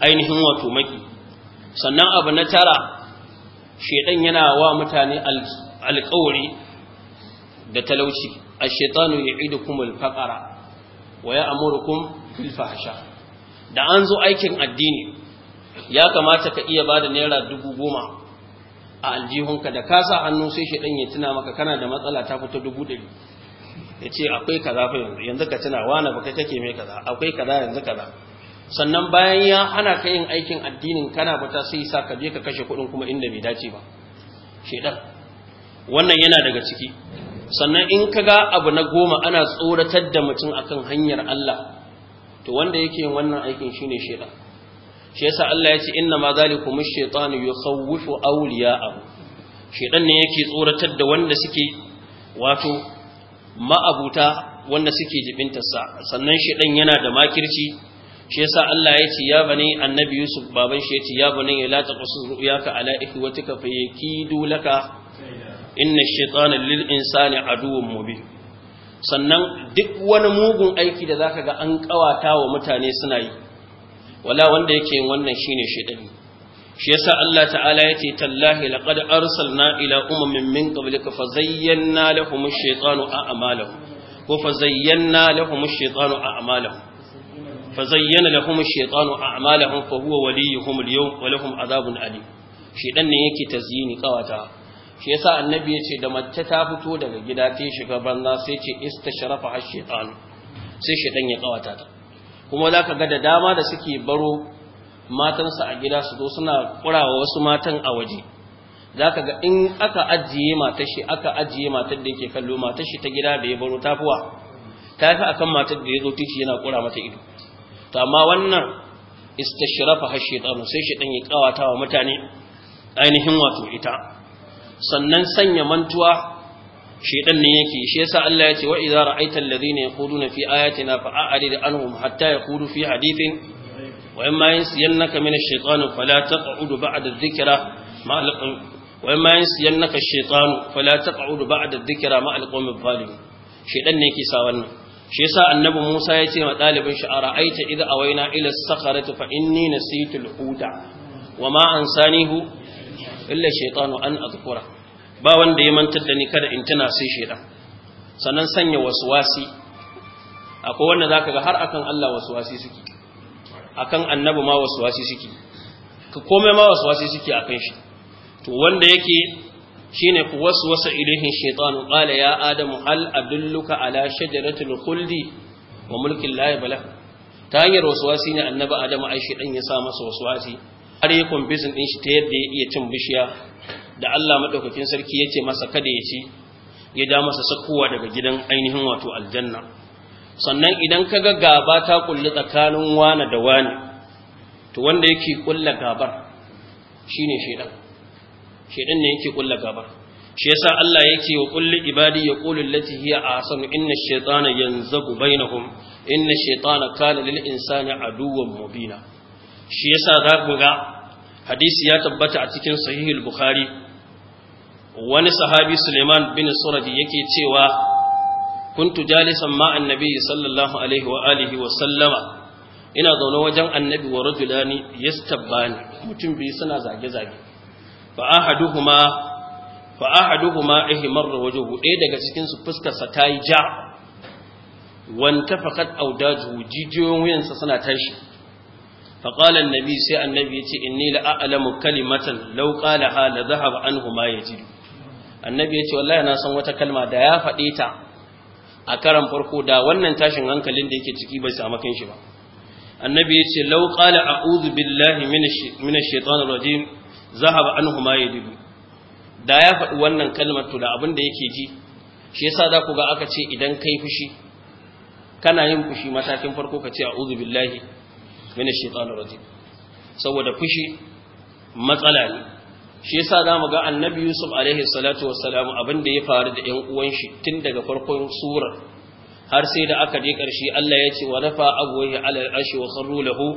ainihin wato maki sannan abu na tara shedan yana wa mutane alƙawari da talauci ash ya idu kuma faqra wa ya'murukum bil fahsha da an zo aikin addini ya kamata ka iya bada naira dubu goma a aljihunka da ka sa hannu sai shedan ya tuna maka kana da matsala ta fito dubu ɗari ya ce akwai kaza fa yanzu yanzu ka tuna wani baka kake mai kaza akwai kaza yanzu kaza sannan bayan ya hana ka yin aikin addinin kana bata sai sa ka je ka kashe kuɗin kuma inda bai dace ba shedan wannan yana daga ciki sannan in ka ga abu na goma ana tsoratar da mutum akan hanyar Allah to wanda yake yin wannan aikin shine shedan shi yasa Allah ya ce inna ma zalikum ash-shaytanu yukhawwifu awliya'ahu shedan ne yake tsoratar da wanda suke wato ma'abuta wanda suke jibinta sa sannan shedan yana da makirci shi yasa Allah ya ce ya bani annabi Yusuf baban shi ya ce ya bani la taqsus ru'yaka ala ikhwatika fa yakidu laka inna ash-shaytana lil insani aduwwun mubin sannan duk wani mugun aiki da zaka ga an kawata wa mutane suna yi wala wanda yake yin wannan shine shaytani shi yasa Allah ta'ala yace tallahi laqad arsalna ila umamin min qablika fazayyana lahum ash-shaytanu a'malahum wa fazayyana lahum ash-shaytanu a'malahum فزين لهم الشيطان shaytanu فهو وليهم اليوم ولهم عذاب yawm wa shedan ne yake tazyini kawata shi yasa annabi yace da mace ta fito daga gida ta shiga banza sai ce istasharafa ash-shaytan sai shedan ya kawata ta kuma zaka ga da dama da suke baro matansa a gida su zo suna kurawa wasu matan a waje za ka ga in aka ajiye matar shi aka ajiye matar da yake kallo matar shi ta gida da ya baro tafuwa ta fi akan matar da ya zo tici yana kura mata ido to amma wannan istashrafa har shaytanu sai shaytan ya kawata wa mutane ainihin wato ita sannan sanya mantuwa shaytan ne yake shi yasa Allah ya ce wa idza ra'aita alladhina yaquluna fi ayatina fa'arid anhum hatta yaqulu fi hadithin wa imma yansiyannaka min ash-shaytani fala taq'ud ba'da adh-dhikra ma'a وإما ينسينك الشيطان فلا تقعد بعد الذكرى مع القوم الظالمين شيطان ne yake sa wannan shi yasa annabi Musa ya ce wa dalibin shi ara'aita idza awaina ila as-sakhrati fa inni nasitu al huda wa ma ansanihu illa shaytanu an adhkura ba wanda ya mantar da ni kada in tana sai shaytan sannan sanya waswasi akwai wanda zaka ga har akan Allah waswasi suke akan annabi ma waswasi suke ka komai ma waswasi suke akan shi to wanda yake shine ku waswasa ilaihin shaytanu qala ya adamu hal adulluka ala shajaratil khuldi wa mulkin la yabla ta hanyar waswasi ne annabi adamu ai dan ya sa masa waswasi har ya kumbisin din shi ta yadda ya iya cin bishiya da Allah madaukakin sarki yace masa kada ya ci ya da masa sakowa daga gidan ainihin wato aljanna sannan idan ka ga gaba ta kulli tsakanin wani da wani to wanda yake kulla gabar shine shaitan shedan ne yake kulla gaba shi sa Allah yake wa kulli ibadi yaqulu allati hiya ahsanu inna ash-shaytana yanzagu bainahum inna ash-shaytana kana lil insani aduwwan mubina shi sa za ku ga hadisi ya tabbata a cikin sahihul bukhari wani sahabi Suleiman bin Suradi yake cewa kuntu jalisan ma annabi sallallahu alaihi wa wa sallama ina zaune wajen annabi wa rajulani yastabbani mutum biyu suna zage zage fa ahaduhuma fa ahaduhuma ihmar daga cikin su fuskar sa tayi ja wan tafaqat awdaju jijiyoyin wuyansa suna tashi fa Nabi sai annabi yace in la a'lamu kalimatan law qalaha la dhahaba anhu ma yajidu annabi ce wallahi na san wata kalma da ya faɗe ta a karan farko da wannan tashin hankalin da yake ciki bai samu kanshi ba annabi yace law qala a'udhu billahi minash minash rajim Zahab anhu ma yadidu da ya faɗi wannan kalmar to da abin da yake ji shi yasa za ku ga aka ce idan kai fushi kana yin fushi matakin farko ka ce a'udhu billahi minash shaitanir rajim saboda fushi matsala ne shi yasa za mu ga annabi yusuf alaihi salatu wassalam abin da ya faru da 'yan uwan shi tun daga farkon surar har sai da aka je ƙarshe Allah ya ce wa rafa abuwahi ala al'ashi wa kharru lahu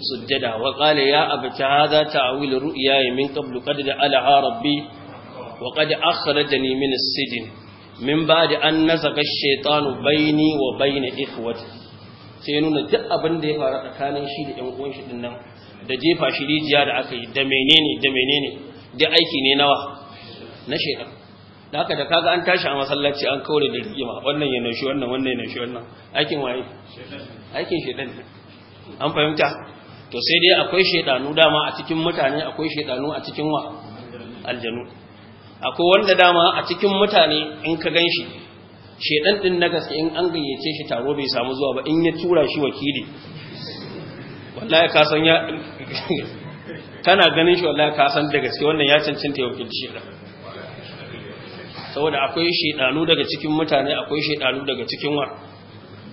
سجدا وقال يا أبت هذا تعويل رؤياي من قبل قد جعلها ربي وقد أخرجني من السجن من بعد أن نزغ الشيطان بيني وبين إخوتي sai nuna duk abin da ya faru tsakanin shi da 'yan uwan shi nan, da jefa shi rijiya da aka yi da menene da menene da aiki ne nawa na shaidan da haka da kaga an tashi a masallaci an kawai da rigima wannan ya nashi wannan wannan ya nashi wannan aikin waye aikin shaidan an fahimta to sai dai akwai shaidanu dama a cikin mutane akwai shaidanu a cikin wa aljanu akwai wanda dama a cikin mutane in ka gan shi shaidan din na gaske in an gayyace shi taro bai samu zuwa ba in ya tura shi wakili wallahi ka san ya kana ganin shi wallahi ka san da gaske wannan ya cancanta ya wakilci shaidan saboda akwai shaidanu daga cikin mutane akwai shaidanu daga cikin wa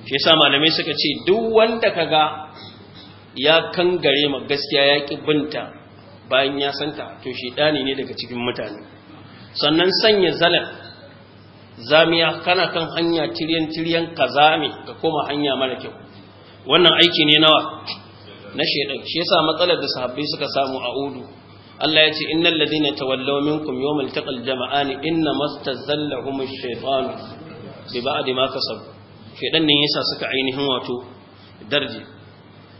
shi yasa malamai suka ce duk wanda kaga ya kangare ma gaskiya ya ƙi binta bayan ya santa to shi shaidani ne daga cikin mutane sannan sanya zalar zamiya kana kan hanya tiryan tiryan kazami ka koma hanya mara kyau wannan aiki ne nawa na shaidan shi yasa matsalar da sahabbai suka samu a udu Allah ya ce innal ladina tawallaw minkum yawmal taqal jama'ani inna mastazallahum ash-shaytan bi ba'di ma kasab shaidan ne yasa suka ainihin wato darje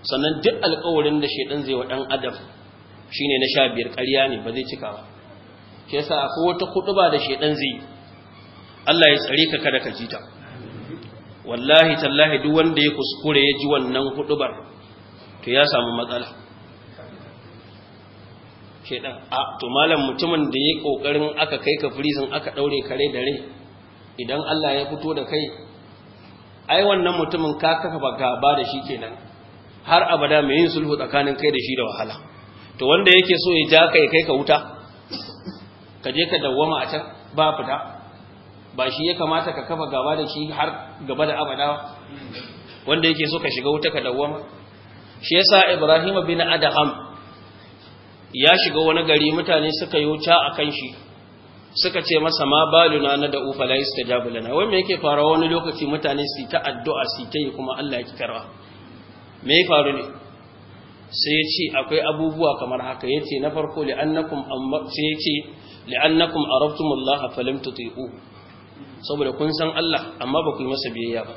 sannan duk alƙawarin da shaidan zai wa ɗan adam shine na sha biyar ƙarya ne ba zai cika ba ke yasa akwai wata kuɗuba da shaidan zai yi Allah ya tsare ka kada ka ji ta wallahi tallahi duk wanda ya kuskure ya ji wannan kuɗubar to ya samu matsala shaidan a to malam mutumin da ya kokarin aka kai ka firizin aka daure kare da rai idan Allah ya fito da kai ai wannan mutumin ka kafa gaba da shi kenan har abada mai yin sulhu tsakanin kai da shi da wahala to wanda yake so ya ja kai kai ka wuta ka je ka dawwama a can ba fita ba shi ya kamata ka kafa gaba da shi har gaba da abada wanda yake so ka shiga wuta ka dawwama shi yasa Ibrahim bin Adham ya shiga wani gari mutane suka yi wuta akan shi suka ce masa ma baluna na da ufa la yastajabu lana wai me yake farawa wani lokaci mutane su ta addu'a su ta yi kuma Allah ya ki karba me ya faru ne sai ya ce akwai abubuwa kamar haka ya ce na farko li'annakum sai ya ce li'annakum arabtumullaha falam tuti'u saboda kun san Allah amma ba ku yi masa biyayya ba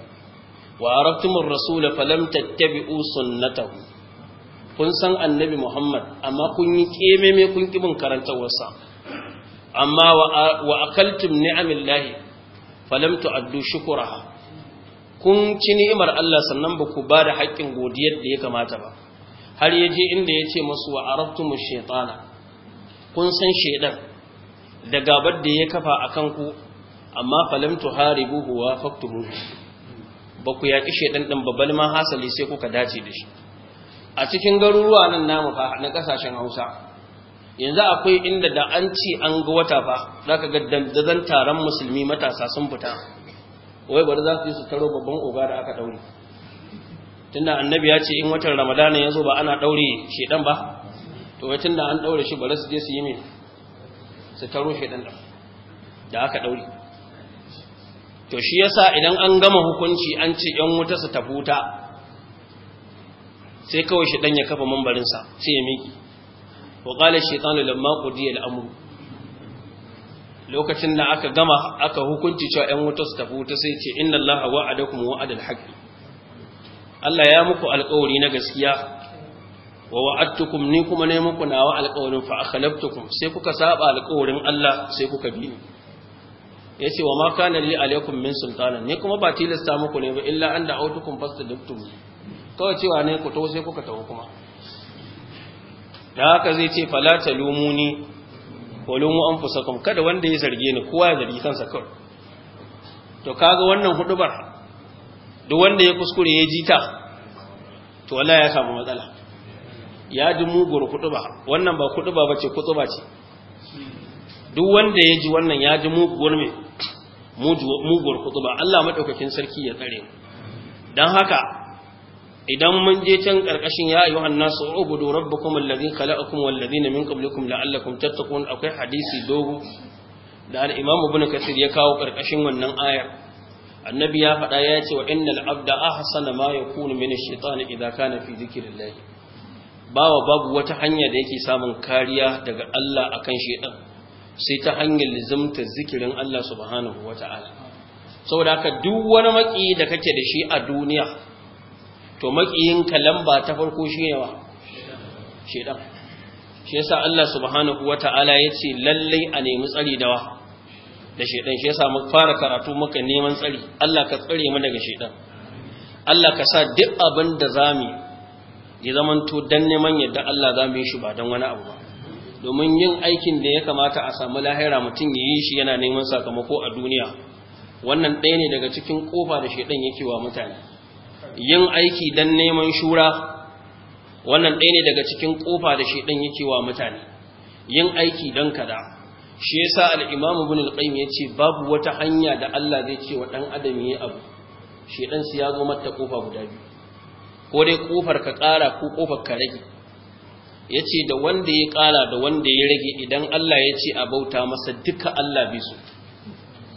wa arabtumur rasula falam tattabi'u sunnatahu kun san annabi Muhammad amma kun yi kememe kun kibin karantawarsa amma wa akaltum ni'amillahi falam tu'addu shukuraha kun ci ni'imar Allah sannan ba ku ba da haƙƙin godiyar da ya kamata ba har ya je inda ya ce masu wa mu shaitana kun san shaidan da gabar da ya kafa a kanku amma falam buhuwa, wa buhu. ba ku yaƙi shaidan ɗin babbal ma hasali sai kuka dace da shi a cikin garuruwa nan namu fa na ƙasashen Hausa yanzu akwai inda da an ci an ga wata fa ka ga dandazan taron musulmi matasa sun fita wai bari za su yi su taro babban oga da aka daure tunda annabi ya ce in watan ramadana ya zo ba ana daure shedan ba to wai tunda an daure shi bari su je su yi min su taro shedan da aka daure to shi yasa idan an gama hukunci an ce yan wuta su tafuta sai kawai shedan ya kafa mambarinsa sai ya miki wa qala shaytanu lamma qudiya al-amru lokacin da aka gama aka hukunci cewa ‘yan wuta su tafi wuta sai ce inna Allah wa'adakum wa'adar haqqi Allah ya muku alƙawari na gaskiya wa wa'adtukum ni kuma ne muku nawa alƙawarin fa akhlaftukum sai kuka saba alƙawarin Allah sai kuka bi ni Ya ce wa ma kana li alaikum min sultanan ni kuma ba tilasta muku ne ba illa an da'awtukum fastadabtum kawai cewa ne ku to sai kuka tawo kuma da haka zai ce fala talumuni kolumu an kuma kada wanda ya zarge ni kowa ya zargi kansa kawai to kaga wannan hudubar duk wanda ya kuskure ya ji ta to wallahi ya samu matsala ya ji mugur hudubar wannan ba huduba bace kutsuba ce duk wanda ya ji wannan ya ji mugur me mugur hudubar Allah madaukakin sarki ya tsare dan haka idan mun je can karkashin ya ayyuha an-nasu ubudu rabbakum alladhi khalaqakum walladhina min qablikum la'allakum tattaqun akwai hadisi dogo da al-imam ibn kasir ya kawo karkashin wannan ayar annabi ya faɗa ya ce wa innal abda ahsana ma yakunu min ash-shaytan idha kana fi dhikrillah bawa babu wata hanya da yake samun kariya daga Allah akan shaytan sai ta hanyar lizimta zikirin Allah subhanahu wata'ala saboda haka duk wani maki da kake da shi a duniya to makiyinka ba ta farko shi ne wa shedan shi yasa Allah subhanahu wataala yace lalle a nemi tsari da wa da shedan shi yasa muka fara karatu muka neman tsari Allah ka tsare mu daga shaidan. Allah ka sa duk abin da zamu ya zaman to dan neman yadda Allah zamu yi shi ba dan wani abu ba domin yin aikin da ya kamata a samu lahira mutum ya yi shi yana neman sakamako a duniya wannan ɗaya ne daga cikin ƙofa da shaidan yake wa mutane yin aiki don neman shura wannan ɗaya ne daga cikin ƙofa da shi ɗan yake wa mutane yin aiki don kada shi ya sa al'imamu bin al'aim ya ce babu wata hanya da Allah zai ce wa ɗan adam ya abu shi ɗan su ya zo mata ƙofa guda biyu ko dai ƙofar ka ƙara ko ƙofar ka rage ya ce da wanda ya ƙara da wanda ya rage idan Allah ya ce a bauta masa duka Allah bai so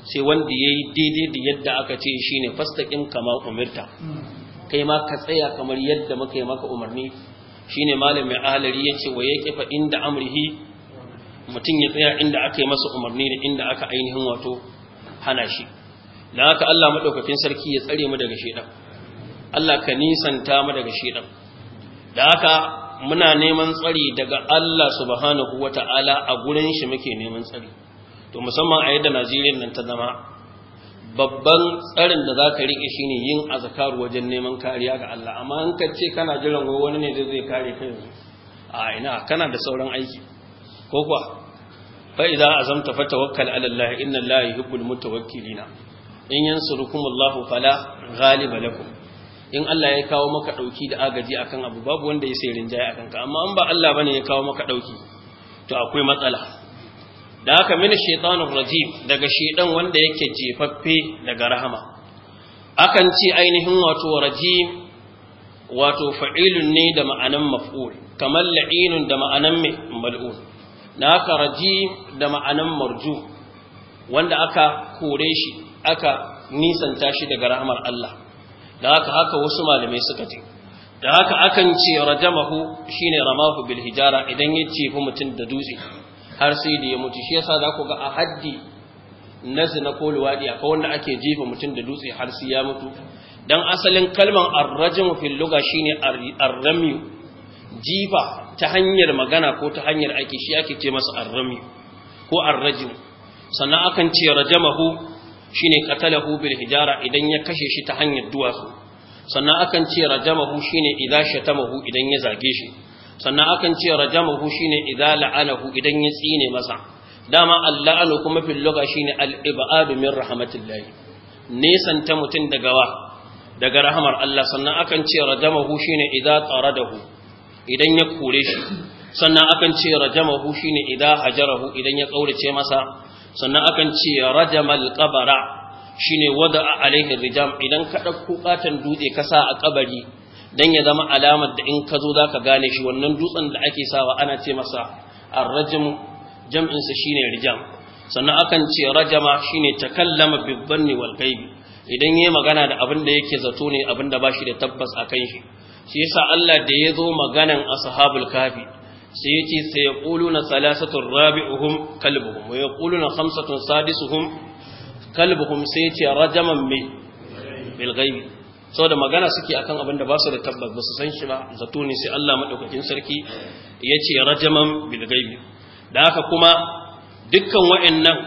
sai wanda ya yi daidai da yadda aka ce shi ne fastakin kama umarta kai ma ka tsaya kamar yadda muka yi maka umarni shine malamin ya ce wa kifa inda amrihi mutum ya tsaya inda aka yi masa umarni da inda aka ainihin wato hana shi Da haka Allah maɗaukakin sarki ya tsare mu daga shaidan. Allah ka nisanta mu daga shaidan. Da haka muna neman tsari daga Allah subhanahu wataala a gurin shi muke neman tsari to musamman a yadda Najeriya nan ta zama babban tsarin da za ka riƙe shi ne yin azakaru wajen neman kariya ga Allah amma in ka ce kana jiran wai wani ne zai kare ka yanzu a ina kana da sauran aiki ko kuwa fa idza azamta fatawakkal ala Allah inna Allah yuhibbul mutawakkilina in yansurukum Allah fala ghaliba lakum in Allah ya kawo maka dauki da agaji akan abu babu wanda ya sai rinjaye akan ka amma in ba Allah bane ya kawo maka dauki to akwai matsala da haka mini shaitanun rajim daga shaidan wanda yake jefaffe daga rahama akan ce ainihin wato rajim wato fa'ilun ne da ma'anan maf'ul kamar la'inun da ma'anan mal'un da haka rajim da ma'anan marju wanda aka kore shi aka nisanta shi daga rahamar Allah da haka haka wasu malamai suka ce da haka akan ce rajamahu shine ramahu bil hijara idan ya cefi mutum da dutse har sai da ya mutu shi yasa za ku ga a haddi na zina ko luwaɗi akwai wanda ake jefa mutum da dutse har sai ya mutu dan asalin kalmar arrajmu fil lugha shine arrami jifa ta hanyar magana ko ta hanyar aiki shi ake ce masa arrami ko arrajmu sannan akan ce rajamahu shine katalahu bil hijara idan ya kashe shi ta hanyar duwatsu sannan akan ce rajamahu shine idza idan ya zage shi sannan akan ce rajamuhu shine idza la'anahu idan ya tsine masa dama alla'anu kuma fil lugha shine al-ibadu min rahmatillahi nesan ta mutun daga wa daga rahmar Allah sannan akan ce rajamahu shine idza taradahu idan ya kore shi sannan akan ce rajamahu shine idza hajarahu idan ya kaurace masa sannan akan ce rajamal qabara shine wada'a alaihi rijam idan ka dauko katan dutse ka sa a kabari dan ya zama alamar da in ka zo za ka gane shi wannan dutsen da ake sawa ana ce masa arrajim jam'insa shine rijam sannan akan ce rajama shine takallama babban wal gaibi idan yayi magana da abin da yake zato ne abin da shi da tabbas kan shi shi yasa Allah da ya zo maganan ashabul kafi sai ce sai yaquluna salasatu rabi'uhum kalbuhum wa yaquluna khamsatun sadisuhum kalbuhum sai yace rajaman min bil Sau da magana suke akan abin da ba su da tabbas ba su san shi ba zato ne sai Allah maɗaukakin sarki ya ce rajaman bilgaibi da haka kuma dukkan wa'annan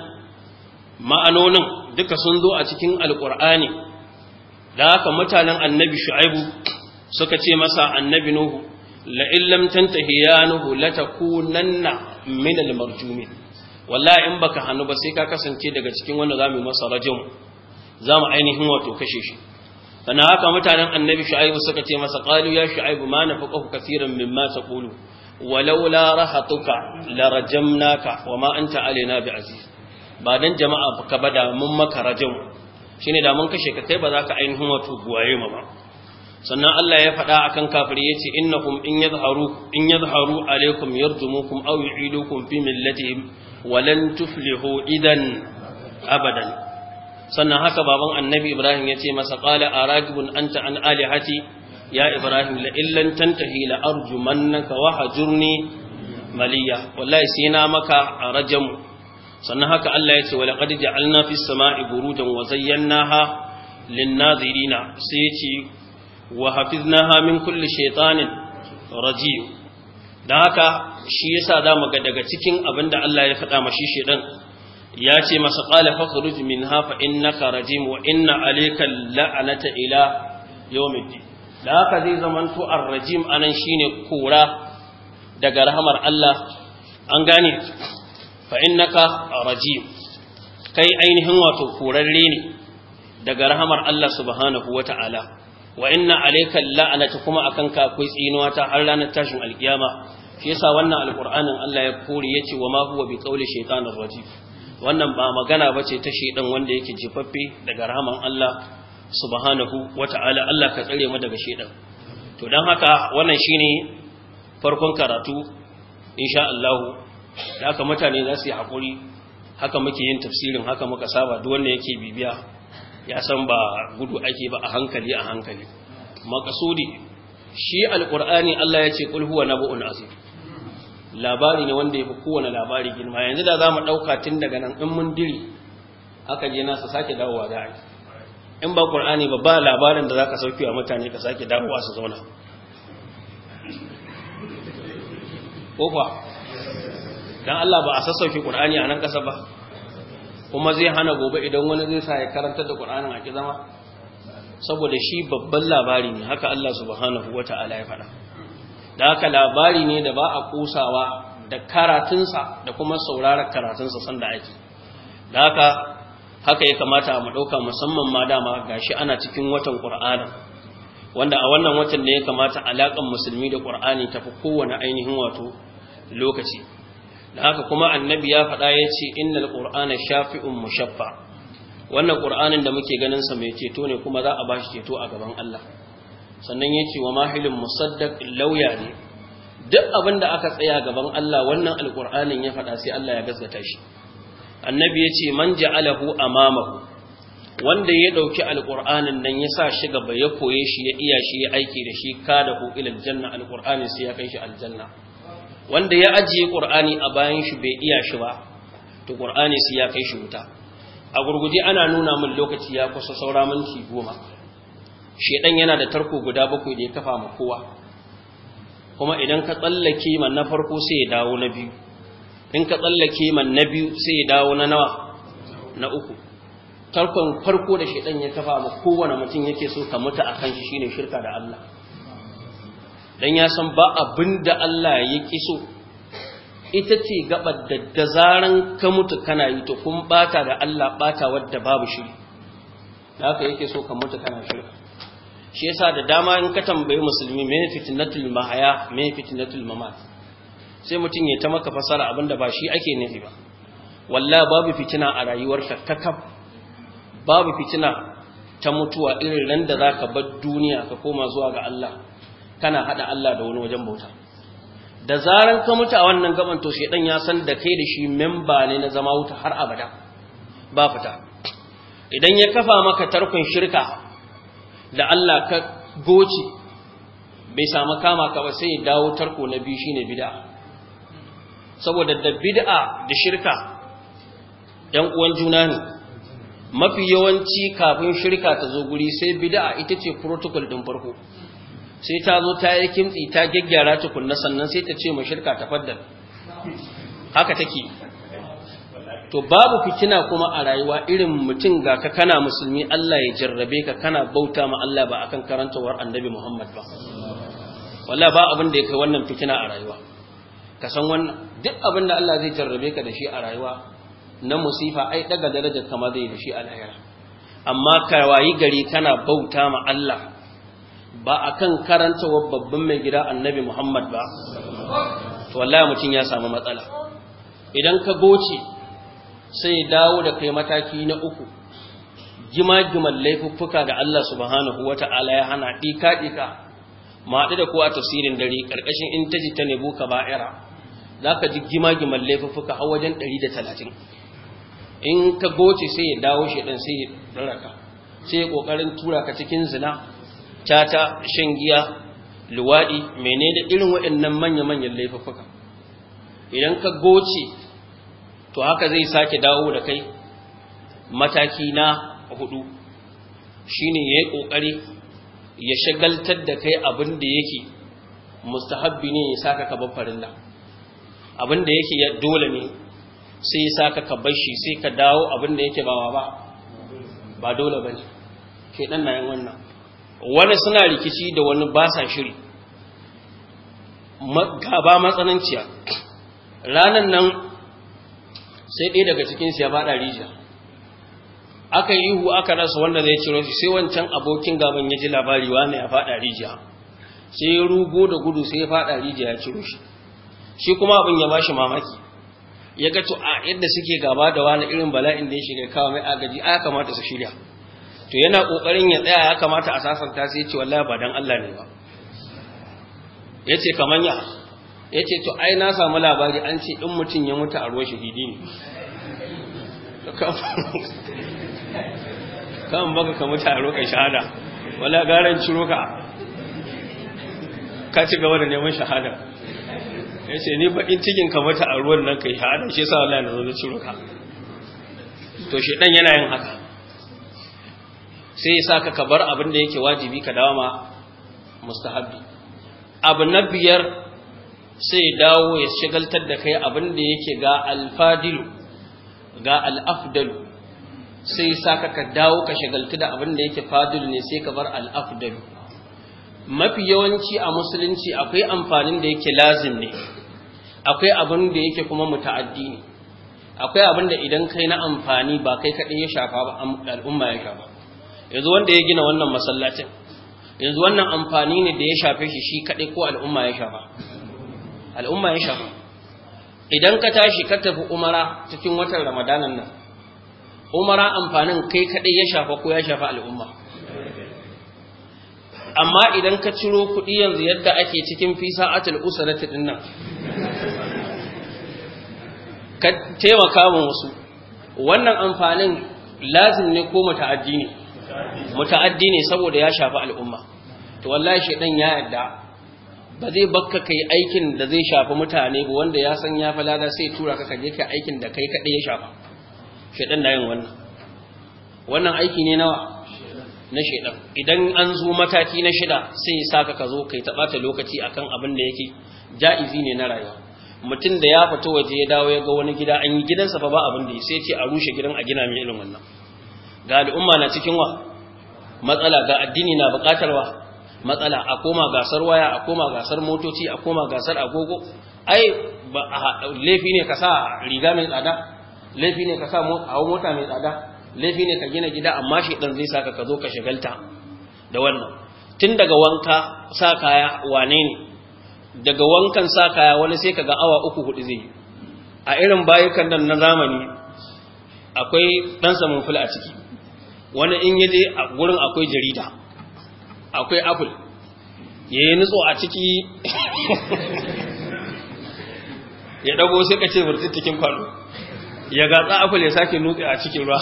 ma'anonin duka sun zo a cikin alqur'ani da haka mutanen annabi shu'aibu suka ce masa annabi nuhu la illam tantahi ya nuhu latakunanna min al marjumin wallahi in baka hannu ba sai ka kasance daga cikin wanda zamu masa rajam zamu ainihin wato kashe shi sannan haka mutanen annabi shu'aibu suka ce masa qalu ya shu'aibu ma nafaqahu kaseeran mimma taqulu walaula rahatuka larajamnaka wama anta alaina bi'aziz ba dan jama'a ka bada mun maka rajam shine da mun kashe ka kai ba za ka ainihin wato guwaye ma ba sannan Allah ya faɗa akan kafiri yace innahum in yadhharu in yadhharu alaykum yarjumukum aw yu'idukum fi millatihim walan tuflihu idan abadan sannan haka baban annabi ibrahim ya ce masa qala aragibun anta an alihati ya ibrahim la'illan illan tantahi la arjumannaka wa hajurni maliya wallahi sai na maka rajamu sannan haka Allah ya ce wa laqad ja'alna fi sama'i burujan wa zayyanaha lin nazirina sai ya ce wa ha min kulli shaitanin? rajim dan haka shi yasa zamu ga daga cikin abinda Allah ya faɗa mashi shedan ya ce masa qala fakhruj minha fa innaka rajim wa inna alayka la'anata ila yawmiddin da haka zai zamanto ar-rajim anan shine kura daga rahamar Allah an gane fa innaka rajim kai ainihin wato korarre ne daga rahamar Allah subhanahu ta'ala. wa inna alayka la'anata kuma akan ka akwai tsinuwa ta har ranar tashin alkiyama shi yasa wannan alqur'anin Allah ya kore yace wa ma huwa biqauli shaytanir rajim wannan ba magana ba ce ta shaidan wanda yake jifaffe daga rahaman Allah subhanahu wata'ala Allah ka tsare mu daga shaidan to dan haka wannan shine farkon karatu insha Allah da haka mutane za su yi hakuri haka muke yin tafsirin haka muka saba duk wanda yake bibiya ya san ba gudu ake ba a hankali a hankali makasudi shi alqur'ani Allah ya ce qul huwa nabu'un azim labari ne wanda ya fi kowane labari girma yanzu da za mu ɗauka tun daga nan in mun diri aka je nasa sake dawowa da ai in ba ƙur'ani ba ba labarin da za ka sauki wa mutane ka sake dawowa su zauna ƙofa don Allah ba a sassauki ƙur'ani a nan ƙasa ba kuma zai hana gobe idan wani zai sa ya karanta da ƙur'anin a ƙi zama saboda shi babban labari ne haka Allah subhanahu wa ta'ala ya faɗa da aka labari ne da ba a kusawa da karatunsa da kuma saurara karatunsa sanda ake da haka haka ya kamata mu ɗauka musamman ma dama ga shi ana cikin watan ƙur'anin wanda a wannan watan ne ya kamata alaƙan musulmi da ƙur'ani ta fi kowane ainihin wato lokaci da haka kuma annabi ya faɗa ya ce innal ƙur'ana shafi'un mushaffa wannan ƙur'anin da muke ganin sa mai ceto ne kuma za a bashi ceto a gaban Allah sannan ya ce wa mahilin musaddaq lauya ne duk abin da aka tsaya gaban Allah wannan alkur'anin ya faɗa sai Allah ya gasgata shi annabi ya ce man ja'alahu amamahu wanda ya ɗauki alkur'anin nan ya sa shi gaba ya koye shi ya iya shi ya aiki da shi ka da ku janna alƙur'ani sai ya kai shi aljanna wanda ya ajiye ƙur'ani a bayan shi bai iya shi ba to ƙur'ani sai ya kai shi wuta a gurguje ana nuna min lokaci ya kusa saura minti goma shedan yana da tarko guda bakwai da ya kafa ma kowa kuma idan ka tsallake man na farko sai ya dawo na biyu in ka tsallake man na biyu sai ya dawo na nawa na uku tarkon farko da shedan ya kafa ma kowane mutum yake so ka mutu akan shi shine shirka da Allah dan ya san ba abin da Allah ya ki so ita ce gabar da da zaran ka mutu kana yi to kun bata da Allah bata wadda babu da haka yake so ka mutu kana shirka shi yasa da dama in ka tambayi musulmi mene fitnatul mahaya mene fitnatul mamat sai mutum ya ta maka fasara abinda ba shi ake nufi ba wallahi babu fitina a ka kakab babu fitina ta mutuwa irin ran da zaka bar duniya ka koma zuwa ga Allah kana hada Allah da wani wajen bauta da zaran ka mutu a wannan gaban to shedan ya san da kai da shi memba ne na zama wuta har abada ba fita idan ya kafa maka tarkon shirka da Allah ka goce bai samu kama ka ba sai ya dawo tarko na biyu shine bid'a saboda da bid'a da shirka ɗan uwan juna ne mafi yawanci kafin shirka ta zo guri sai bid'a ita ce protocol din farko sai ta zo ta yi kimtsi ta gyaggyara tukunna sannan sai ta ce ma shirka ta faddal haka take to babu fitina kuma a rayuwa irin mutum ga ka kana musulmi Allah ya jarrabe ka kana bauta ma Allah ba akan karantawar annabi Muhammad ba wallahi ba abin da yake wannan fitina a rayuwa ka san wannan duk abin da Allah zai jarrabe ka da shi a rayuwa na musifa ai daga darajar kama zai da shi a lahira amma ka wayi gari kana bauta ma Allah ba akan karantawar babban mai gida annabi Muhammad ba to wallahi mutum ya samu matsala idan ka goce sai dawo da kai mataki na uku gima-giman laifuffuka da Allah subhanahu wa ta'ala ya hana ɗika-ɗika maɗi da a tasirin dare ƙarƙashin in taji ta nebo ka ba'ira za ka ji gima-giman laifuffuka a wajen 130 in ka goce sai ya dawo shi ɗan sai ya sai ya ƙoƙarin tura ka cikin zina tata shan giya luwaɗi menene irin waɗannan manya-manyan laifuffuka idan ka goce to haka zai sake dawo da kai mataki na hudu shine yayi kokari ya shagaltar da kai abin da yake mustahabbi ne ya saka ka farin da abin da yake dole ne sai ya saka ka bar shi sai ka dawo abin da yake bawa ba ba dole bane ke dan nan wannan wani suna rikici da wani ba sa shiri ba matsananciya ranan nan sai ɗaya daga cikinsu ya faɗa rijiya aka yi ihu aka rasa wanda zai ciro shi sai wancan abokin gaban ya ji labari wani ya faɗa rijiya sai ya rugo da gudu sai ya faɗa rijiya ya ciro shi shi kuma abin ya ba shi mamaki ya ga a yadda suke gaba da wani irin bala'in da ya shiga kawo mai agaji a kamata su shirya to yana kokarin ya tsaya ya kamata a sasanta sai ya ce wallahi ba dan Allah ne ba yace kaman ya ya ce to ai na samu labari an ce in mutum ya mutu a ruwa shahidi ne kan baka ka mutu a roƙa shahada wala garan ciro ka ka ci gaba da neman shahada ya ce ni baƙin cikin ka mutu a ruwan nan ka yi shahada shi sa wala na zo ci ciro ka to shi ɗan yana yin haka sai ya sa ka ka bar abin da yake wajibi ka dawo ma mustahabbi abu na biyar sai dawo ya shagaltar da kai abin da yake ga alfadilu ga al'afdalu sai saka ka dawo ka shagaltu da abin da yake fadilu ne sai ka bar al'afdalu mafi yawanci a musulunci akwai amfanin da yake lazim ne akwai abin da yake kuma muta'addi ne akwai abin da idan kai na amfani ba kai kaɗai ya shafa ba al'umma ya shafa yanzu wanda ya gina wannan masallacin yanzu wannan amfani ne da ya shafe shi shi kaɗai ko al'umma ya shafa al'umma ya shafa idan ka tashi ka tafi umara cikin watan ramadanan nan umara amfanin kai kaɗai ya shafa ko ya shafa al'umma amma idan ka ciro kuɗi yanzu yadda ake cikin fisa atul na din nan ka taimaka min wasu wannan amfanin lazim ne ko mata'addi ne mata'addi ne saboda ya shafi al'umma to wallahi shedan ya yadda ba zai bakka kai aikin da zai shafi mutane ba wanda ya san ya falada sai tura ka kaje ka aikin da kai kaɗai ya shafa shaidan na yin wannan wannan aiki ne nawa na shaidan idan an zo mataki na shida sai ya saka ka zo kai taɓata lokaci akan abin da yake ja'izi ne na rayuwa mutum da ya fito waje ya dawo ya ga wani gida an yi gidansa fa ba abin da ya sai ce a rushe gidan a gina mai irin wannan ga al'umma na cikin wa matsala ga addini na buƙatar wa matsala a koma gasar waya a koma gasar motoci a koma gasar agogo ai ba laifi ne ka sa riga mai tsada laifi ne ka sa hau mota mai tsada laifi ne ka gina gida amma shi dan zai saka ka zo ka shigalta da wannan tun daga wanka sa kaya wane ne daga wankan sa kaya wani sai ka ga awa uku hudu zai a irin bayukan nan na zamani akwai dan samun fula a ciki wani in yi a gurin akwai jarida akwai apple ya yi nutso a ciki ya dago sai ka ce cikin kwano ya gatsa apple ya sake nutse a cikin ruwa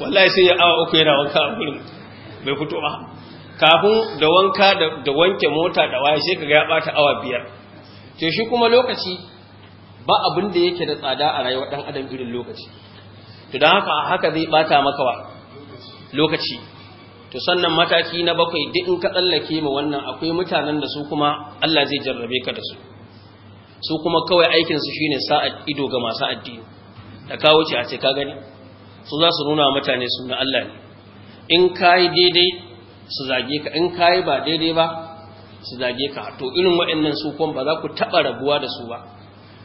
wallahi sai ya awa uku yana wanka a gurin bai fito ba kafin da wanka da wanke mota da waye sai kaga ya bata awa biyar to shi kuma lokaci ba abin da yake da tsada a rayuwar dan adam irin lokaci to don haka haka zai bata maka wa lokaci to sannan mataki na bakwai duk in ka tsallake ma wannan akwai mutanen da su kuma Allah zai jarrabe ka da su su kuma kawai aikin su shine sa'ad ido ga masu addini da ka wuce a ce ka gani su za su nuna mutane su na Allah ne in kai daidai su zage ka in kai ba daidai ba su zage ka to irin waɗannan su kuma ba za ku taɓa rabuwa da su ba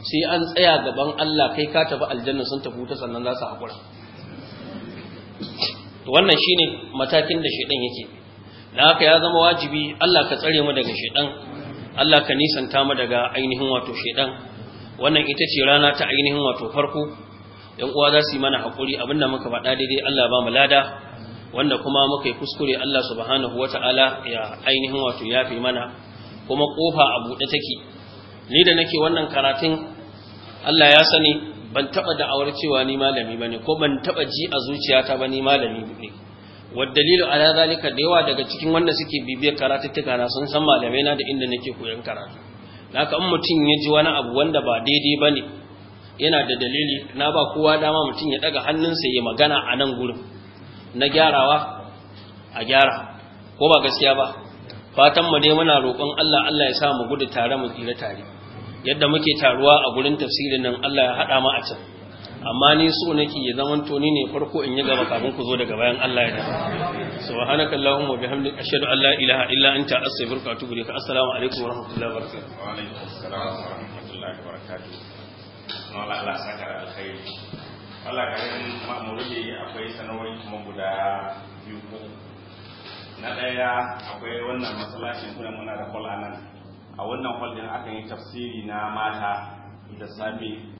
sai an tsaya gaban Allah kai ka tafi aljanna sun tafi ta sannan za su haƙura to wannan shine matakin da shedan yake da haka ya zama wajibi Allah ka tsare mu daga shaɗan Allah ka nisanta mu daga ainihin wato shaɗan wannan ita ce rana ta ainihin wato farko yan uwa za su yi mana hakuri da muka faɗa daidai Allah ba mu lada wanda kuma muka yi kuskure Allah subhanahu wata'ala ya ainihin wato yafe mana kuma ƙofa a buɗe take ni da nake wannan karatun Allah ya sani ban taba da'awar cewa ni malami bane ko ban taba ji a zuciyata ba ni malami ne wad dalilu ala zalika da yawa daga cikin wanda suke bibiyar karatuttuka na sun san malamai na da inda nake koyon karatu haka in mutum ya ji wani abu wanda ba daidai bane yana da dalili na ba kowa dama mutum ya daga hannunsa ya magana a nan gurin na gyarawa a gyara ko ba gaskiya ba fatan mu dai muna roƙon Allah Allah ya sa mu gudu tare mu tsira tare yadda muke taruwa a gurin tafsirin nan Allah ya haɗa mu a can amma ni so nake ya zaman to ni ne farko in yi gaba kafin ku zo daga bayan Allah ya da subhanaka allahumma wa bihamdika ashhadu an la ilaha illa anta astaghfiruka wa atubu ilaik assalamu alaikum wa rahmatullahi wa barakatuh wa alaikum assalam wa rahmatullahi wa barakatuh mala Allah saka alkhairi Allah ka yi ma'amuri akwai sanawar kuma guda biyu na daya akwai wannan masallacin kuma muna da kwal'a nan a wannan hall aka yi tafsiri na mata da sami